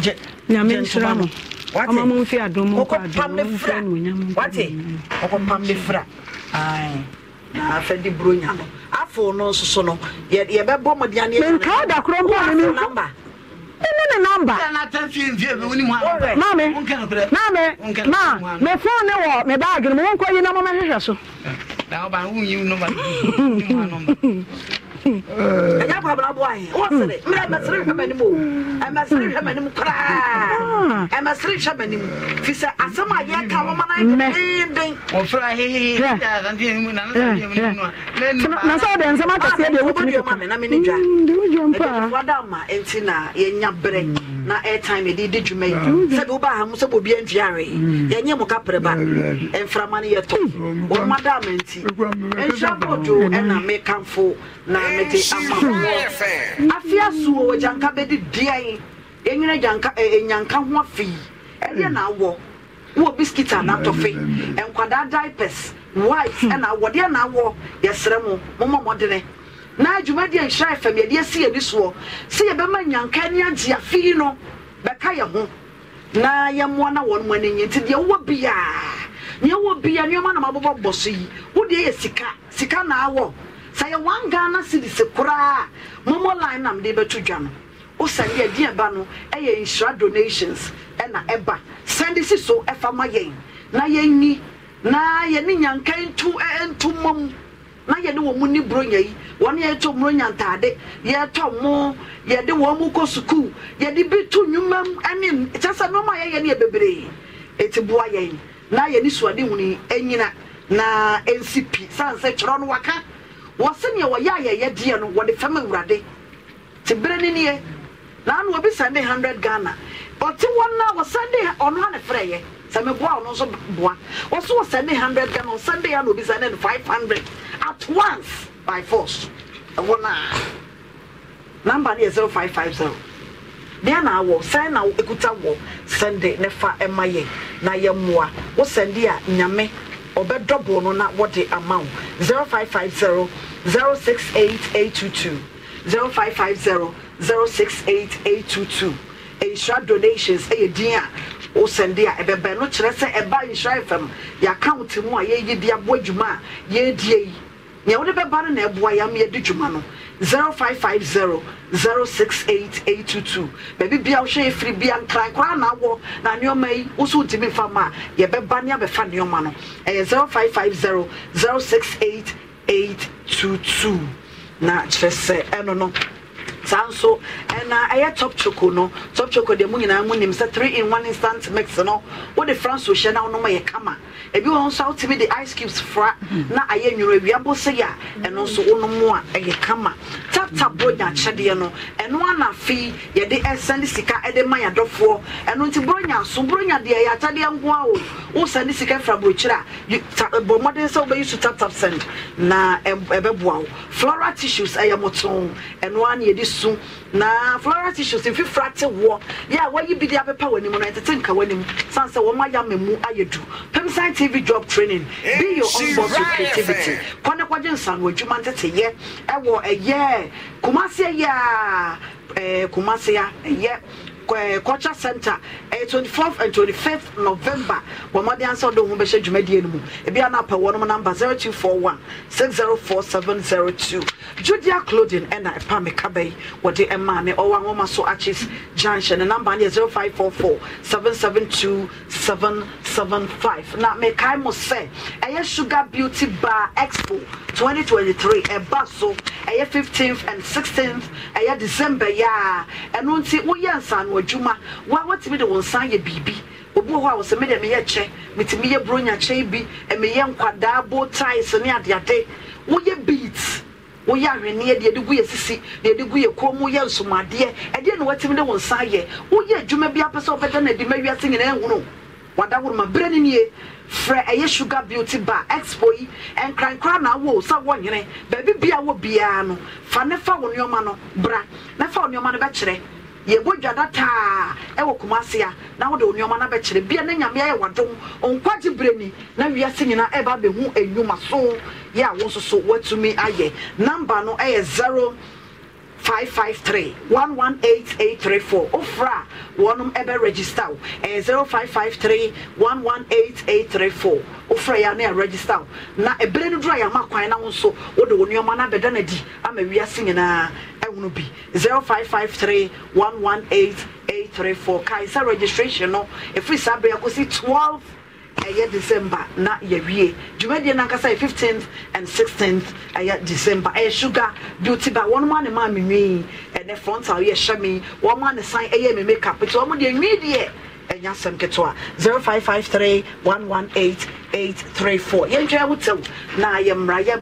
A: gye nyame wate mo ɔma mo mfi adom mo kɔ adom mo mfra no nyam wate ɔkɔpam ne fira na afɛ de buro nya no afo no nsoso no yɛbɛbɔ mo deɛ ne yɛ. menka da kuro mpɔ ne mi ɛne ne nɔmba maame maame ma me fon ne wɔ me baage no mo wonkɔ yi na mo mɛhwehwɛ so ɛnyɛ kwabrabɔ ayɛ wɔsere mmerɛ mɛsere hwɛ m'anim o ɛmɛsere hwɛ m'anim koraa ɛmɛsere hwɛ m'anim fi sɛ asɛm a yɛka wɔma no ayɛdenden wɔfra
B: na sɛ wode nsɛm akɛseɛ deɛ wotumi kɔkɔ na mene dwa ɛdɛfoɔ
A: da ma ɛnti na yɛnya berɛ na airtime yɛde di dwuma yi mm. sɛ bi wobaa ha mm. mu sɛ bobi antuare yɛnyɛ mo kaprɛba mm. mframa no yɛtɔ wɔma da ama nti nhyira bodo ɛna mekamfo na mede ama di suo agyanka bɛdi deɛn yɛnwene ɛnyanka ho afei ɛdeɛ na awɔ wowɔ biskit anatɔfe nkwadaa diapers wipes ɛna awɔ deɛ na awɔ yɛsrɛ mo momɔ mmɔdene na adwuma deɛ nhyɛ fam yɛde asi yɛni soɔ sɛ yɛbɛma nyanka ne agye afii no bɛka yɛ ho na yɛmmoa na wɔn mu ani nye nti deɛ wowɔ biaa nea wɔ bia nneɛma na mabobɔ bɔ so yi wodeɛ yɛ sika sika na awɔ sɛ yɛ wan ghana series koraa mɔmɔ line nam de bɛto dwa no wosɛn deɛ deɛ ba no ɛyɛ nhyira donations ɛna ɛba sɛnde si so ɛfa ma yɛn na yɛnyi na yɛne nyanka ntu ɛntu mmom na yɛde wɔn mu ni bronya yi wɔn yɛtɔ bronya ntaade yɛtɔ mo yɛde wɔn mu kɔ sukuu yɛde bi tu nnwuma mu ɛne kyɛ sɛ nneɛma yɛyɛ ne yɛ bebree eti boa yɛn na yɛne suade wuni enyina na ensi pi sanse twerɛ no waka wɔsi nea wɔyɛ ayɛyɛ deɛ no wɔde fɛm awurade te bere ne nie naanu obi sɛnde hundred ghana ɔte wɔn na wɔsɛnde ɔno ana fɛrɛ yɛ sɛmɛ boa ɔno nso boa wɔso wɔsɛnde hundred ghana ɔsɛnde ya na obi sɛnde five hundred at once by force ɛwɔ na number no yɛ zero five five zero deɛ na awɔ sɛn na ekuta wɔ sɛnde ne fa ɛma yɛ na yɛ mmoa wɔ sɛnde a nyame ɔbɛ dɔbɔ no na wɔde ama wo zero five five zero zero six eight eight two two zero five five zero zero six eight eight two two nsura donations ɛyɛ din a wosɛnde a ɛbɛbɛn no kyerɛ sɛ ɛba nsura fm yɛ account mu a yɛyi de aboa dwuma a yɛredie yi nea wode bɛba no na ɛboa yɛ ama yɛde dwuma no 0550 068822 baabi bia wohwɛ ɛfiri bia nkran koraa na awɔ na nneɔma yi wo so wotumi mfa ma a yɛbɛba ne abɛfa nneɔma no ɛyɛ 0550 068822 na kyerɛ sɛ ɛno no saa nso ɛna ɛyɛ top choco no top choco deɛ mu nyinaa mu nim sɛ 3 in 1 instant mix no wode franso hyɛ na wonom yɛ kama ebi wɔn nso awotumi de ice cubes fra mhm. na ayɛ nwura ewia bɔ sɛ yɛ a ɛno nso wɔnom a ɛyɛ kama tata bronya akyɛdeɛ no ɛno anafi yɛde ɛsɛn sika ɛde ma yɛdɔfoɔ ɛno nti bronya so bronya deɛ yɛ akyɛdeɛ nko a o wosɛn ne sika fra burokyerɛ a bɔ mmɔden sɛ wobɛyi so tap send na ɛbɛboa wo floral tissues ɛyɛ motɔn ɛno ara yɛde su na floral tissues mfifira te woɔ yɛ a wɔyi bi de abɛpa wɔ anim no ɛtete nka wɔ anim sanse sɛ wɔn ayɛ ama mu ayɛ du pɛm san creative job training be your own boss with creativity kọ́ni kọ́jú nsàmù adwuma tètè yẹ ẹ̀wọ̀ ẹ̀yẹ eh, kùmásíyà eh, kùmásíyà ẹ̀yẹ. Eh, culture center ɛyɛ eh, twenty fourth and twenty fifth november wɔn mo de ansa ɔdo ho bɛhyɛ dwumadie no mu ebi anapɛ wɔn mo namba zero two four one six zero four seven zero two judia clothing ɛna eh, ɛpa mi kaba yi wɔde ɛmaa mi ɔwɔ anwoma so achis junction ne namba no yɛ zero five four four seven seven two seven seven five na mekae mo sɛ ɛyɛ sugar beauty bar expo twenty twenty three ɛba eh, so ɛyɛ fifteenth and sixteenth ɛyɛ december yaa ɛno nti woyɛ nsa no adwuma wa watumi de wo nsa yɛ biribi obi wɔ hɔ a wɔsɛ mede meyɛ kyɛ metumi yɛ bronya kyɛn bi meyɛ nkwadaa bo ties ne adeade woyɛ beat woyɛ ahwenneɛ deɛ de gu yɛ sisi deɛ de gu yɛ kɔn mu nsomadeɛ ɛdeɛ na watumi de wo nsa yɛ woyɛ adwuma bi apɛ sɛ wɔbɛda no adi wiase nyinaa nhunu wadaworoma berɛ no nie frɛ ɛyɛ sugar beauty bar expo yi nkrankra na awo sa wɔnyene baabi bia wɔ biara no fa ne fa wo nneɔma no bra na fa wo nneɔma no bɛkyerɛ yɛbɔ dwa dataa ɛwɔ kumase a na wode wo no bɛkyerɛ bia na nyame ayɛ wadom ɔnkwagye berɛ ni na wiase nyinaa ɛba bɛhu anwuma so yɛ a wo nso so woatumi ayɛ namba no ɛyɛ 0 0553 118834 ofra wɔnom um, ɛbɛ register wo ɛyɛ 0553 118834 ofra yɛ ne ɛregister wo na ɛbere no dura yɛ ama kwan na wo nso wode wo nneɔma no abɛda no adi ama wiase nyinaa ɛwono bi 0553 118834 kae sɛ registration no ɛfiri saa berɛ yɛkɔsi 12 ɛyɛ december na yɛwie dwumadie no ankasa yɛ 15th and 16th ɛyɛ december ɛyɛ sugar beauty ba wɔn ma ne maa me nwii ɛnɛ frontal yɛ hyɛ me wɔn ma ne san ɛyɛ me makeup nti wɔn deɛ nwii deɛ ɛnya asɛm ketewa 0553 118 834 yɛntwɛ wo tew na yɛmmra yɛ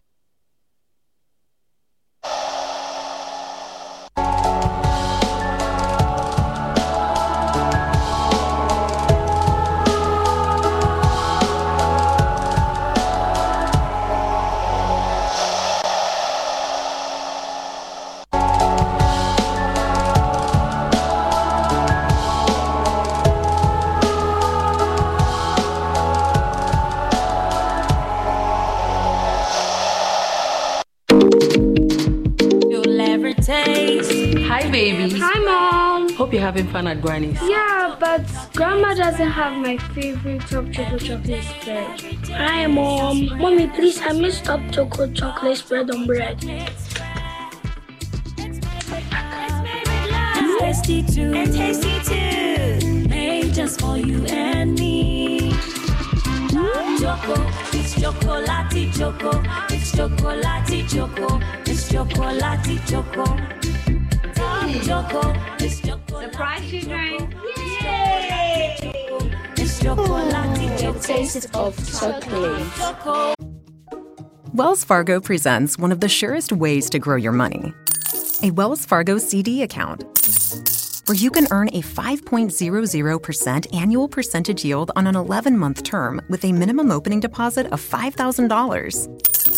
A: having fun at Granny's.
C: Yeah, but Grandma doesn't have my favorite top chocolate chocolate spread.
A: Hi, Mom. Um, mommy, please, I miss top chocolate chocolate spread on bread. tasty too. And tasty too. Made just for you and me. Mm.
C: Choco, it's chocolati choco. It's chocolati choco. It's chocolati choco. Top choco, it's chocolati. The Yay! chocolate,
B: of chocolate.
D: Wells Fargo presents one of the surest ways to grow your money a Wells Fargo CD account where you can earn a 5.00% annual percentage yield on an 11 month term with a minimum opening deposit of $5,000.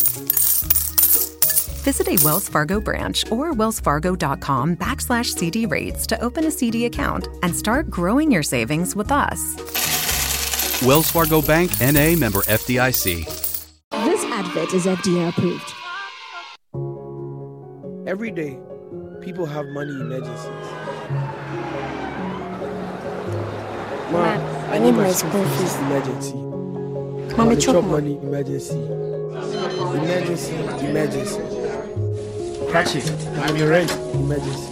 D: Visit a Wells Fargo branch or wellsfargo.com backslash CD rates to open a CD account and start growing your savings with us. Wells Fargo Bank NA member FDIC. This advert is FDA approved.
C: Every day, people have money emergencies. Mom, Ma, I need my school fees emergency. Mommy, chop money emergency. Emergency, emergency. Catch it. I'm your rent. Emergency.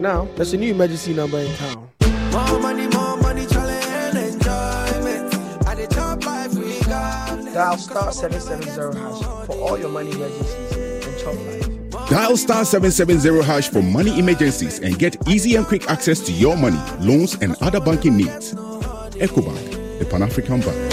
C: Now, there's a new emergency number in town. More money, more money, challenge, enjoyment. At the top life we got. Dial star 770 hash for all your money emergencies and
E: chop life. Dial star 770 hash for money emergencies and get easy and quick access to your money, loans, and other banking needs. EcoBank, the Pan African Bank.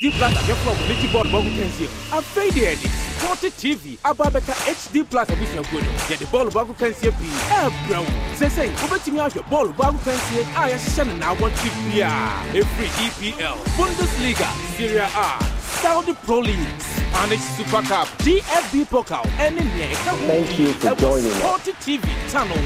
F: HD Plus àjẹkùn ọ̀gbìn méjì bọ́ọ̀lù bọ́ọ̀lù kẹ́ńsì. Afẹ́ ìdè ẹ̀dì Forty TV ababẹ́ka HD Plus ẹ̀bùsùn ẹ̀gbọ́dọ̀ yẹ̀dì bọ́ọ̀lù bọ́ọ̀lù kẹ́ńsì pii ẹ̀ bẹ̀rẹ̀ wò. Sẹ́sẹ́ yìí, wọ́bẹ̀tìmí ahwẹ̀ bọ́ọ̀lù bọ́ọ̀lù kẹ́ńsì a yẹ ṣiṣẹ́ nínú àwọn tv a. Every EPL, Bundesliga, Serie A, Saudi Pro League, Spanish Super Cup, DFB Pokal, ɛne Thank you for joining us. Sporty TV channel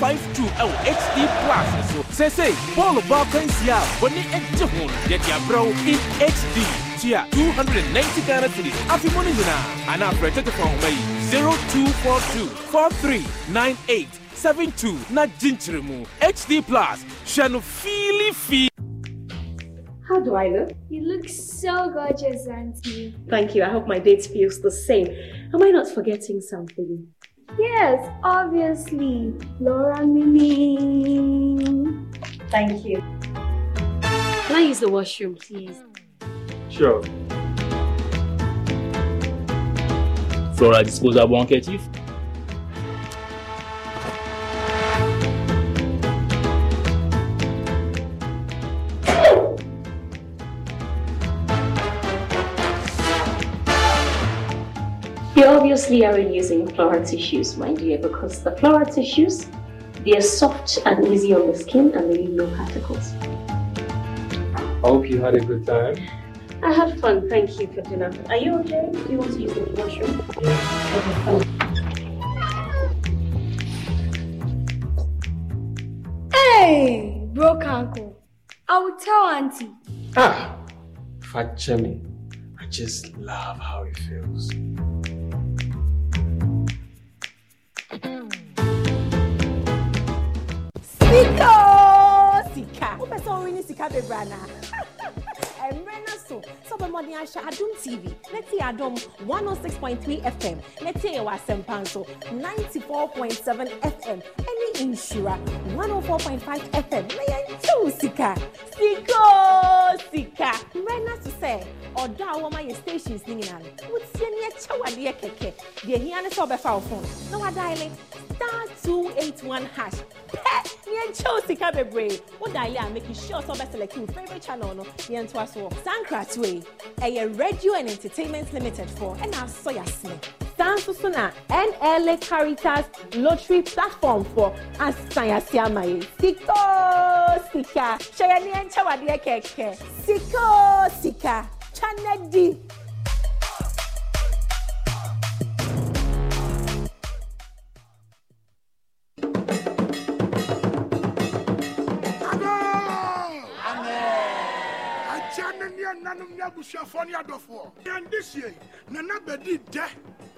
F: 152 HD Plus so. say, bọ́ọ̀lù baako nsi a wɔne ɛgye Get your bro in HD. Tia 290 Ghana cedis. Afi mu no nyinaa. Anaa brɛ tete fa nhoma yi 0242 4398 72 na gye nkyerɛ HD
E: Plus, hwɛ no fiili How do I
C: look? You look so
A: gorgeous, Auntie.
D: Thank you. I hope my date feels the same. Am I not forgetting something?
A: Yes, obviously. Laura Mimi.
E: Thank you. Can I use the washroom, please?
F: Sure. Flora disposable handkerchief.
D: We are using floral tissues, my dear, because the floral tissues, they are soft and easy on the skin and they leave no particles.
B: I hope you had a good time.
A: I had fun, thank you for dinner. Are you okay? Do you want to use the washroom?
B: Yeah.
A: Okay,
E: Hey, broke uncle. I will tell auntie.
F: Ah, fat
C: Jimmy. I just love how it feels.
B: Sika!
D: Sika! Who person orin ni Sika Bebrana? mmerɛ no so sɛ wɔbɛmmɔden ahyɛ adom tv ne tie adom 106.3 fm ne tie yɛ wɔ asɛmpa nso 94.7 fm ɛne nhyira 104.5
A: fm na yɛnkyɛw sika sikoo sika mmerɛ no so sɛ ɔdɔ a wɔma yɛ stations no nyinaa no wotie ne ɛkyɛw adeɛ kɛkɛ deɛ hia ne sɛ wɔbɛfa wo phone na wadaele star one hash pɛ ne yɛnkyɛw sika
D: bebree wodaele a making sure sɛ wɔbɛselect wo favorite channel no yɛntoa so sankratwe ɛyɛ radio and entertainment limited for ɛna asɔ yasɛ san soso na
A: nla caritas lottery platform for asan yasi amaye Siko sika hyɛ yɛ ne nkyɛwadeɛ kɛkɛ sika twa di.
E: yɛ nanom ne abusuafoɔ ne adɔfoɔ yɛnde sie nana bɛdi dɛ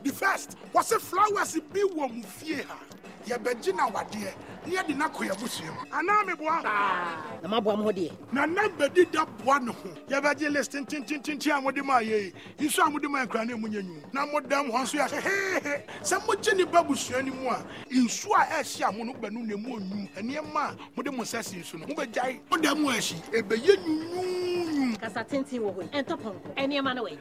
E: the first wɔse flowers bi wɔ mu fie ha yɛbɛgye na wadeɛ ne yɛde no akɔ yɛbusua mu anaa meboa na maboa m ho deɛ nana bɛdi da boa ne ho yɛbɛgye list ntentententen a mode ma yɛi nso a mode ma nkura ne mu nyɛ nwu na modam hɔ nso yɛhɛ hehe sɛ mogye ne ba busua no mu a nsu a ɛhye a mo no bɛno na mu ɔnwu ɛnneɛma a mode mo sɛ si nsu no mobɛgyae modam wɔ ahyi ɛbɛyɛ
A: nwunwuu kasa tenten wɔ hɔ yi ɛntɔ
E: pɔnkɔ
D: ɛnneɛma no wɔ yi.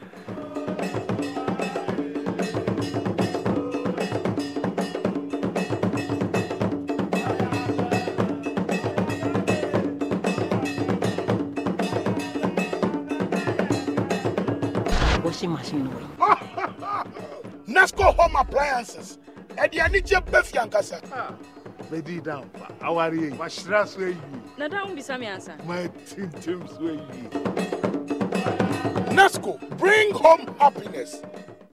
A: washing machine wɔ
E: yi. Nesco home appliances ɛdi anigye bɛ fi ankasa. bɛdi ah, dan fa awari ye. wahyira so eyi.
B: na dan bisa mi ansa. ma
E: tintim so eyi. Nesco, bring home happiness.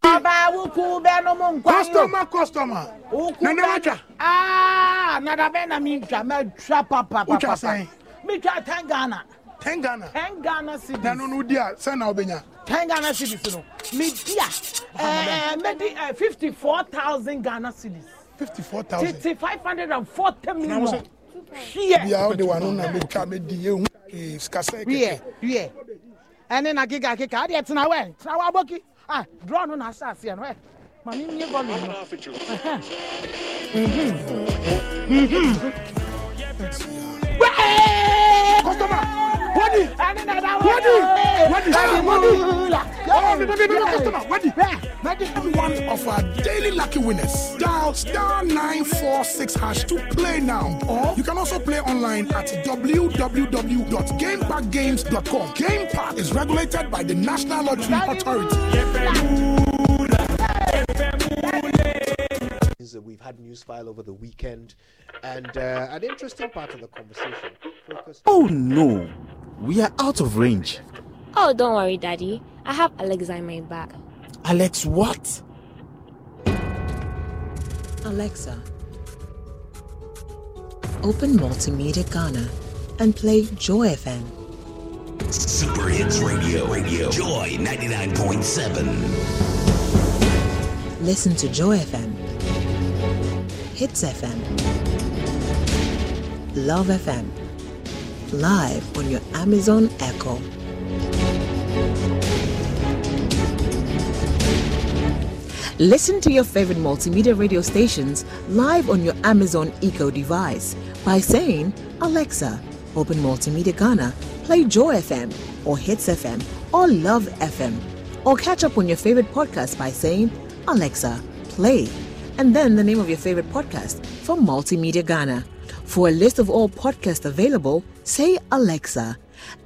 E: Baba wuku beno mungu. Customer,
F: customer. Wuku Nana wacha. Ah, nada bena mincha. Mecha papa papa. Ucha Ghana. Ten Ghana Tangana. Tangana city. dia nudia sana obenya. Ten Ghana cities no. dia Eh, medi 54,000 eh, Ghana cities. 54,000. 540 million. Here. Yeah, the one on the
E: car made the you. Skasek. Yeah,
F: yeah ɛne na giga keka adeɛ tena wɛ tena wɔ aboki a drɔ na ahyɛ aseɛ no ɛ ma me mie volume
E: no customer wadi wadi wadi wadi wadi wadi one of our daily lucky winners dial star 946 hash to play now or you can also play online at www.gamepackgames.com game park is regulated by the national lottery authority
C: that We've had news file over the weekend, and uh, an interesting part of the conversation.
F: Focused... Oh no, we are out of range.
A: Oh, don't worry, Daddy.
D: I have Alexa in my bag. Alex, what? Alexa, open Multimedia Ghana and play Joy FM. Super Hits Radio, Radio Joy 99.7. Listen to Joy FM Hits FM, Love FM, live on your Amazon Echo. Listen to your favorite multimedia radio stations live on your Amazon Echo device by saying, Alexa, open Multimedia Ghana, play Joy FM or Hits FM or Love FM, or catch up on your favorite podcast by saying, Alexa, play and then the name of your favorite podcast from Multimedia Ghana. For a list of all podcasts available, say Alexa.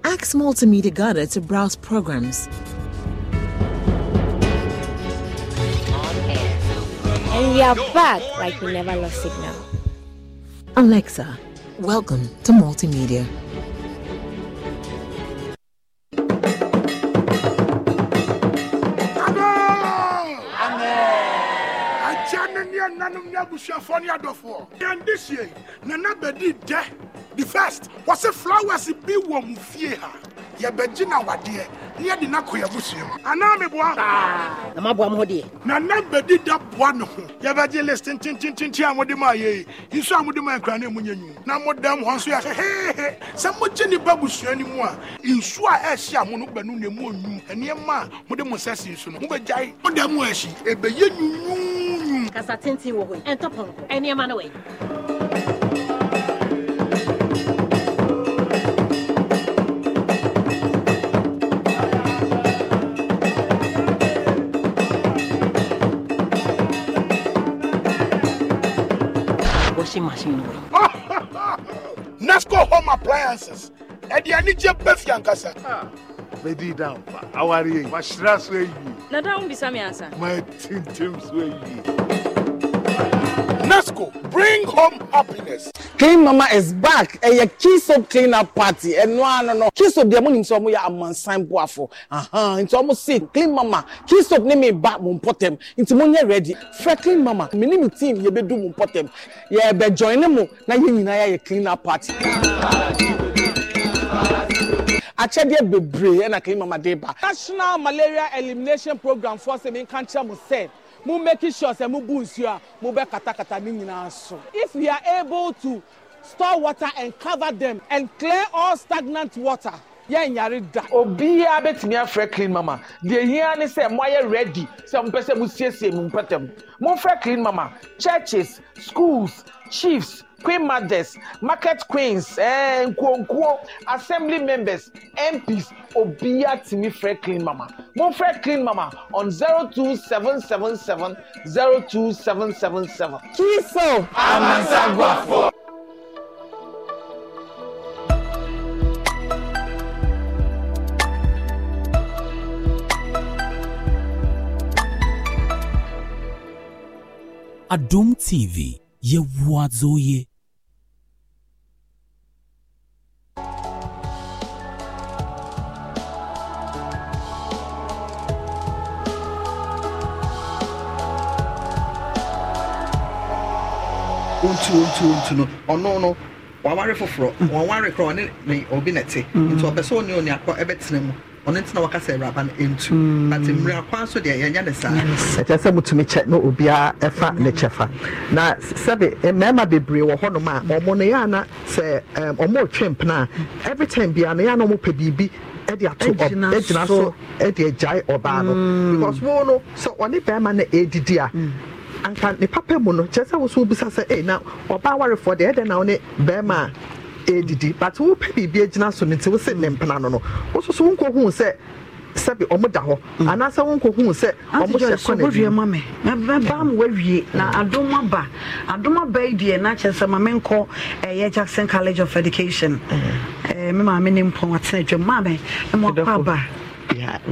D: Ask Multimedia Ghana to browse programs. And we are
A: back like we never lost signal.
D: Alexa, welcome to Multimedia.
E: yɛ nanom ne abusuafoɔ ne adɔfoɔ yɛnde sie nana bɛdi dɛ the first wɔse flowers bi wɔ mu fie ha yɛbɛgye na wadeɛ ne yɛde na kɔ yɛbusua mu anaa meboa na maboa m ho deɛ nana bɛdi da boa ne ho yɛbɛgye list ntentententen a mode ma yɛi yi nso a mode maa nkura ne mu nyɛ nwu na modam hɔ nso yɛhwɛ hehe sɛ mogye ni ba busua no mu a nsuo a ɛhyɛ a mo no bɛno ne mu onwu ɛnneɛma a mode mo sɛ si nso no mobɛgyae modam wɔ ahyi
A: ɛbɛyɛ nwunwuu ankasa tenten wɔ hɔ yi ɛntɔ pɔnkɔ ɛnneɛma no wɔ yi washing machine no way. Nesco
E: home appliances. Ẹdi anigye bẹfi ankasa. Bẹ́ẹ̀di dàn pa, awari yẹn, wàhyira so eyi.
B: Nadam bisa mi ansa. Mà
E: á tintim so bring home happiness.
F: clean mama is back ɛyɛ kiso clean up party ɛno ano no kiso deɛ mo nim sɛ ɔmo yɛ amansan boafo nti ɔmo se clean mama kiso ne name me back m'umpotem nti mo nyɛ ready fɛ clean mama mi ne mi team yɛ bɛ du ya ebe yɛ join na yɛ nyinaa yɛ clean up party. akyɛdeɛ bebree ɛna clean mama de ba. national malaria elimination program fɔ sɛ mi nkankyɛn mo sɛ. mo make sure sɛ mo bu nsuo a mo bɛ katakata ne nyinaa so if we are able to store water and cover them and clear all stagnant water yẹn nyare da. obiara bẹtumi afrẹ clean mama deɛ hia ni sɛ mo ayɛ ready sɛ mo pɛ sɛ mo siesie mo mpɛtɛm mo fɛ clean mama churches schools chiefs queen mothers market queens eh, nkuonkuo assembly members mps obia timi frɛ clean mama mo frɛ clean mama on zero two seven seven seven zero two seven seven
C: seven. kiso amansaguafo.
F: Adum TV, ye wadzo ye.
C: ontu ontu ontu no ɔno no waware foforɔ waware korɔ ɔne mm. ne obi na ɛte nti ɔpɛ sɛ ɔne ɔne akɔ ɛbɛtena mu ɔno ntina wakasa awuraba no ɛntu mm. but mmerɛ akwa nso deɛ yɛnyɛ ne saa ɛkyɛ sɛ motumi kyɛ na obiaa e, ɛfa ne kyɛ fa na sɛbe mmarima bebree wɔ hɔnom a ɔmo no yɛ ana sɛ ɔmo mpena a every time biaa e e no yɛ ana ɔmopɛ biribi ɛde ato ɛgyina so ɛde agyae ɔbaa no because wo no sɛ ɔne bɛrima no ɛdidi a mm. anka ne papa mu no kyerɛ sɛ so wobisa sɛ na deɛ na wo ne a but wopɛ biribi agyina so no nti wo ne mpena no no wo so so sɛ sɛbi ɔmo da hɔ mm. anaasɛ sɛ ɔmo
A: hyɛ na mm. adom aba adom aba yi deɛ na sɛ ma ɛyɛ jackson college of education mm. maame ne mpɔn atena aba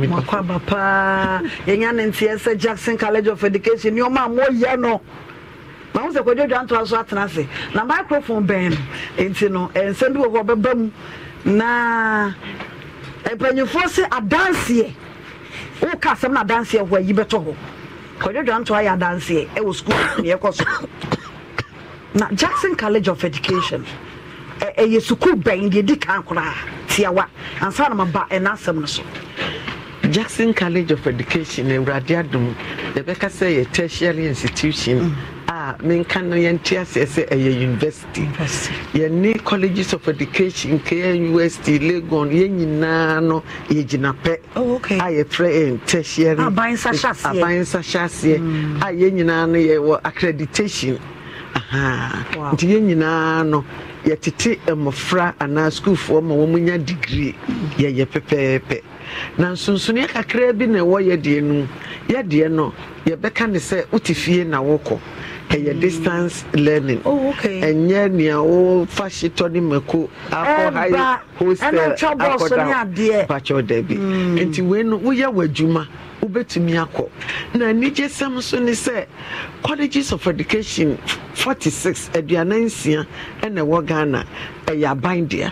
A: makwaba paa yɛnya ne nti ɛsɛ jackson college of education nneɔma a moyɛ no ma ho sɛ kwadwadwa ntoa so atena ase na microphone bɛn no nti eh, no nsɛm bi wɔ hɔ ɔbɛba mu na eh, mpanyimfoɔ sɛ adanseɛ woka asɛm no adanseɛ hɔ ayi bɛtɔ hɔ kwadwadwa ntoa yɛ adanseɛ ɛwɔ eh, school neɛkɔ so na jackson college of education ɛyɛ eh, eh, sukuu bɛn deɛ di kan koraa tiawa
C: ansa na ma ba ɛna eh, asɛm no so jackson college of education awurade adum yɛbɛka sɛ yɛ tertiary institution mm. a menka no yɛnte aseɛ sɛ ɛyɛ university yɛne colleges of education knust lagon yɛn nyinaa no yɛgyina pɛ oh, a yɛfrɛ yɛn tertiary aban nsa hyɛ a yɛn no yɛwɔ accreditation nti yɛn nyinaa no yɛtete mmɔfra anaa sukuufoɔ ma wɔn nya digiri yɛyɛ pɛpɛɛpɛ na nsonsonoeɛ kakraa bi na ɛwɔ yɛdeɛ no yɛdeɛ no yɛbɛka ne sɛ wote fie na wɔkɔ ɛyɛ mm. distance learning oh, ɛnyɛ nea wofa hyetɔ ne mako akɔ high hostel akɔda bakyɛw daabi mm. nti wei no woyɛ w'adwuma wobɛtumi akɔ na anigyesɛm nso ne sɛ colleges of education 46 aduanan nsia ɛna ɛwɔ ghana ɛyɛ aban dea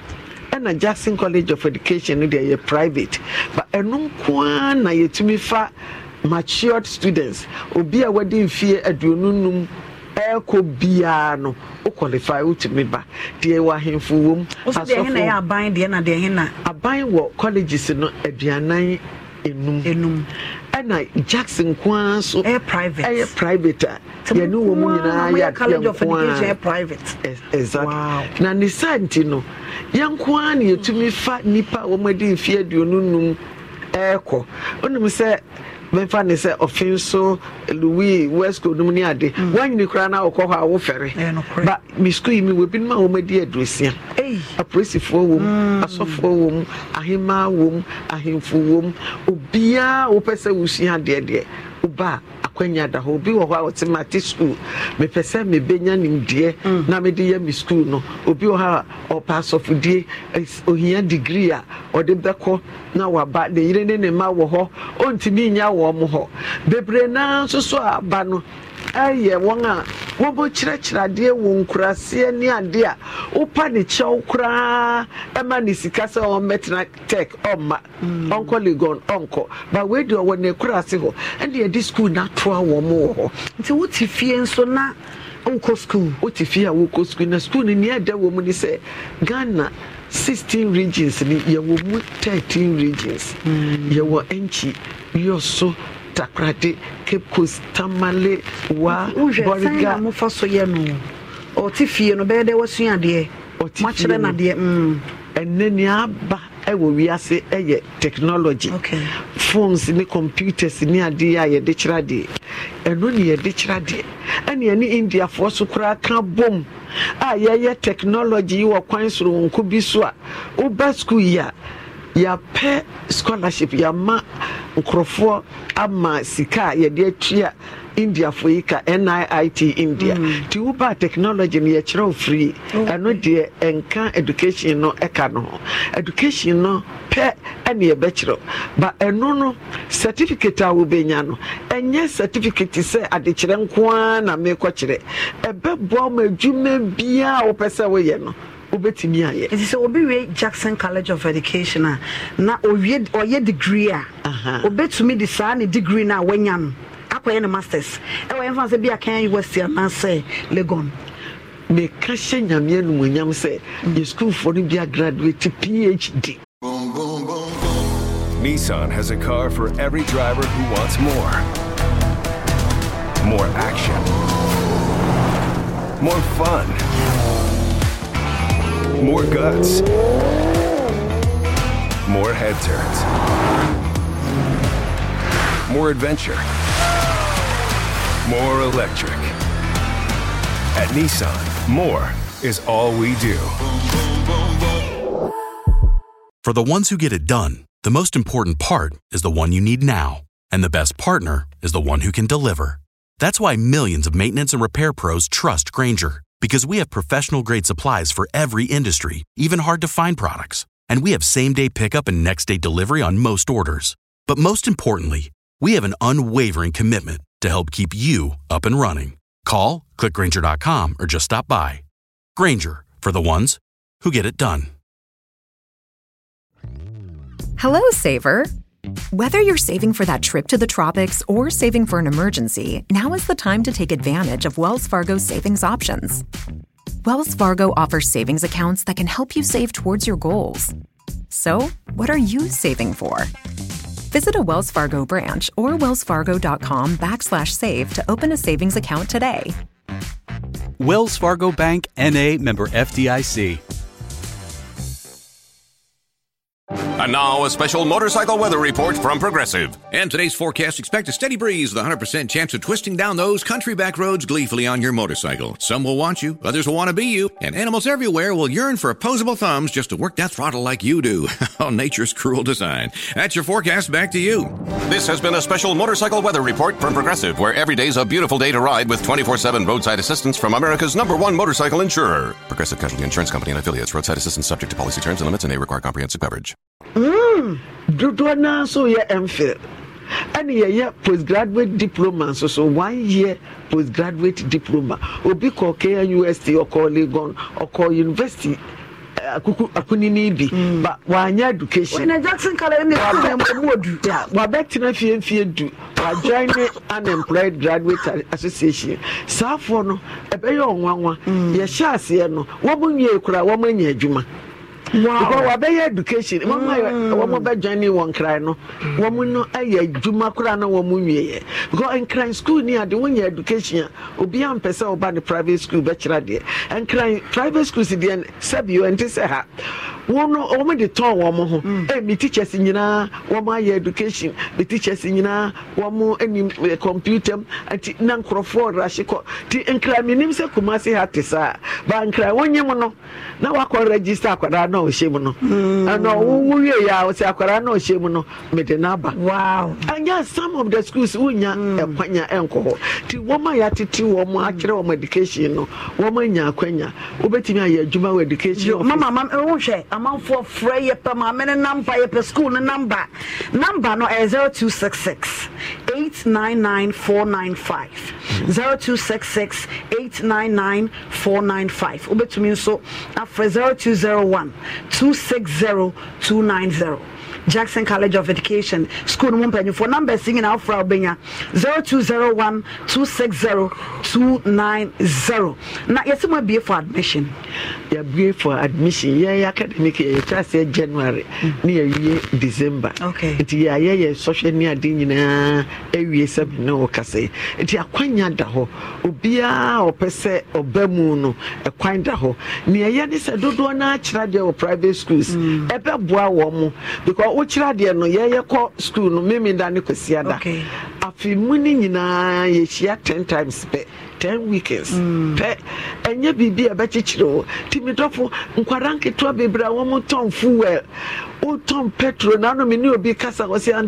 C: ɛna jackson college of education no deɛ ɛyɛ private ba ɛno nko ara na yɛtumi fa matured students obi a wɔde mfie aduonu num ɛɛkɔ biara no o qualify o tumi ba deɛ wɔ ahemfo wɔ mu na deɛ hena aban wɔ colleges no aduanan enum enum ɛna jackson nko so ɛyɛ private ɛyɛ private a yɛne wɔ mu nyinaa yɛ adeɛ exact na ne saa no yɛn nko na yɛtumi fa nipa wɔn adi mfe aduonu num ɛɛkɔ ɔnum sɛ mɛmfa ne sɛ ɔfe so louis wesco nom ne ade mm. woanyini koraa no wokɔ hɔ a wofɛre ba me skul yi mi wɔ binom a wɔmadi aduosia apolisifoɔ wɔ m mm. asɔfoɔ wɔ m ahemaa wɔ m ahemfo wɔ m obiaa wopɛ sɛ wosua deɛ deɛ akwanya da hɔ obi wɔ hɔ a ɔte mate school mepɛ sɛ mebɛnya nimdeɛ na mm. mede yɛ me school no obi wɔ hɔ a ɔpɛ asɔfodie ohia degree a ɔde bɛkɔ na waba ne yere ne ne ma wɔ hɔ ɔntumi nya wɔ m hɔ bebree naa nso so a aba no ɛyɛ wɔn a wɔbɔ kyerɛkyerɛ adeɛ wɔ nkuraseɛ ne adeɛ a wopa ne kyɛw koraa ɛma ne sika sɛ ɔmmɛtena tek ɔmma mm. ɔnkɔ legon ɔnkɔ ba wei deɛ ɔwɔ ne kora ase hɔ ɛne yɛde skul no atoa mo wɔ hɔ nti wote fie nso na nkɔ skul wote fie a wokɔ skul na skul no nea ɛda wɔ mu ne sɛ ghana 16 regions ni yɛwɔ mu 13 regions mm. yɛwɔ ɛnkyi yɔ so takoradi cape coast tamale wa boriga wofa so yɛ no ɔte fie no bɛyɛ dɛ wasua adeɛ moakyerɛ nadeɛ mm. ɛnɛ nea aba ɛwɔ wiase ɛyɛ technology phones ni computers ne adeɛ a yɛde kyerɛ adeɛ ɛno ne yɛde kyerɛ adeɛ ɛne ɛne indiafoɔ so koraa ka bom a yɛyɛ technology yi wɔ kwan soronko bi so a woba school yi a yɛapɛ scholarship yɛama nkurɔfoɔ ama sika a yɛde atua indiafoɔ yi ka niit india mm. nti mm. wobaa technology no yɛkyerɛ wo firi oh. ɛno okay. deɛ ɛnka education no ɛka no ho education no pɛ ɛne yɛbɛkyerɛ ba ɛno no certificate a wobɛnya no ɛnyɛ certificate sɛ adekyerɛ nko ara na merekɔkyerɛ ɛbɛboa ma adwuma biaa wopɛ sɛ woyɛ no wobɛtumi ayɛ ɛti sɛ
A: obi jackson college of education a na ɔyɛ degree a obɛtumi de saa ne degree no a wanya no akɔyɛ ne masters ɛwɔ yɛmfa sɛ bi akan university
C: anaasɛ legon meka hyɛ nyameɛ nomonyam sɛ yɛ sukuulfoɔ no bi agraduate phd
D: Nissan has a car for every driver who wants more. More action. More fun. More guts. More head turns. More adventure. More electric. At Nissan, more is all we do.
E: For the ones who get it done, the most important part is the one you need now. And the best partner is the one who can deliver. That's why millions of maintenance and repair pros trust Granger because we have professional grade supplies for every industry, even hard to find products. And we have same day pickup and next day delivery on most orders. But most importantly, we have an unwavering commitment to help keep you up and running. Call, clickgranger.com, or just stop by. Granger, for the ones who get it done.
D: Hello, Saver. Whether you're saving for that trip to the tropics or saving for an emergency, now is the time to take advantage of Wells Fargo's savings options. Wells Fargo offers savings accounts that can help you save towards your goals. So, what are you saving for? Visit a Wells Fargo branch or wellsfargo.com backslash save to open a savings account today. Wells Fargo Bank NA member FDIC. And now, a special motorcycle weather report from Progressive. And today's forecast expect a steady breeze with 100% chance of twisting down those country back roads gleefully on your motorcycle. Some will want you, others will want to be you, and animals everywhere will yearn for opposable thumbs just to work that throttle like you do. oh, nature's cruel design. That's your forecast. Back to you. This has been a special motorcycle weather report from Progressive, where every day's a beautiful day to ride with 24 7 roadside assistance from America's number one motorcycle insurer. Progressive Casualty Insurance Company and affiliates, roadside assistance subject to policy terms and limits, and they require comprehensive coverage.
C: Mm. dodoɔ naa nso yɛ mfil ɛne yɛyɛ postgraduate diploma nso so one year postgraduate diploma obi kɔ knust ɔkɔ legon ɔkɔ university eh, akunini bi mm. ba w'anya education na-eme wabɛtena fiemfie du wajoin ne unemployed graduate association saafoɔ no ɛbɛyɛ ɔnwanwa mm. yɛhyɛ aseɛ no wɔn nyɛ ekura wɔn anya adwuma. because wabɛyɛ education wɔn ayɛ wɔn bɛ join wɔn nkran no wɔn no ayɛ adwuma koraa na wɔn nwieɛ because nkran school ni adi wɔn yɛ education a obi ampɛ sɛ ɔba ne private school bɛkyerɛ adeɛ nkran private schools deɛ sɛbi o ɛnte sɛ ha. wɔn wɔn de tɔn wɔn ho ɛyɛ mi teachers nyinaa wɔn ayɛ education mi teachers nyinaa wɔn anim ɛ computer mu ɛti na nkorɔfoɔ rahyɛ kɔ ti nkira mi kumasi ha te saa ba nkira wɔnyɛ mu register akwadaa na ɔhyɛ mu no mm. ɛnna ɔwɔ wuwie yɛ a ɔsɛ akwadaa na ɔhyɛ mu no mi de some of the schools mm. education
A: mama amanfoɔ frɛ yɛ pɛ maame ne namba yɛ pɛ school ne namba namba no ɛyɛ zero two six six eight nine nine four nine five zero two six six eight nine nine four nine five wobɛtumi nso afrɛ zero two zero one two six zero two nine zero jackson college of education school no mu mpanyinfoɔ numbers yi nyinaa afra ɔbɛnya zero two zero one two six zero two nine
C: zero na yɛsi mu abie for admission. yabue for admission yɛ yɛ academic yɛ yɛ twa seɛ january ne yɛ wie december nti yɛ ayɛ yɛ sɔhwɛ ne ade nyinaa ewie sɛbi ne wɔ kasa yi nti akwanya da hɔ obiara ɔpɛ sɛ ɔbɛ mu no ɛkwan da hɔ nea yɛ ni sɛ dodoɔ naa kyerɛ deɛ wɔ private schools ɛbɛboa wɔn mo because. wokyerɛ adeɛ no yɛyɛ kɔ skul no memeda ne kwasia da afei mu no nyinaa yɛhyia 10 times pɛ 10 weekends mm. pɛ ɛnyɛ biribi a ɛbɛkyekyere wo nti medɔfo nkwara nketewa bebree a wɔm tɔn fuel wotɔn petro nanom ne obi kasa hɔ sɛ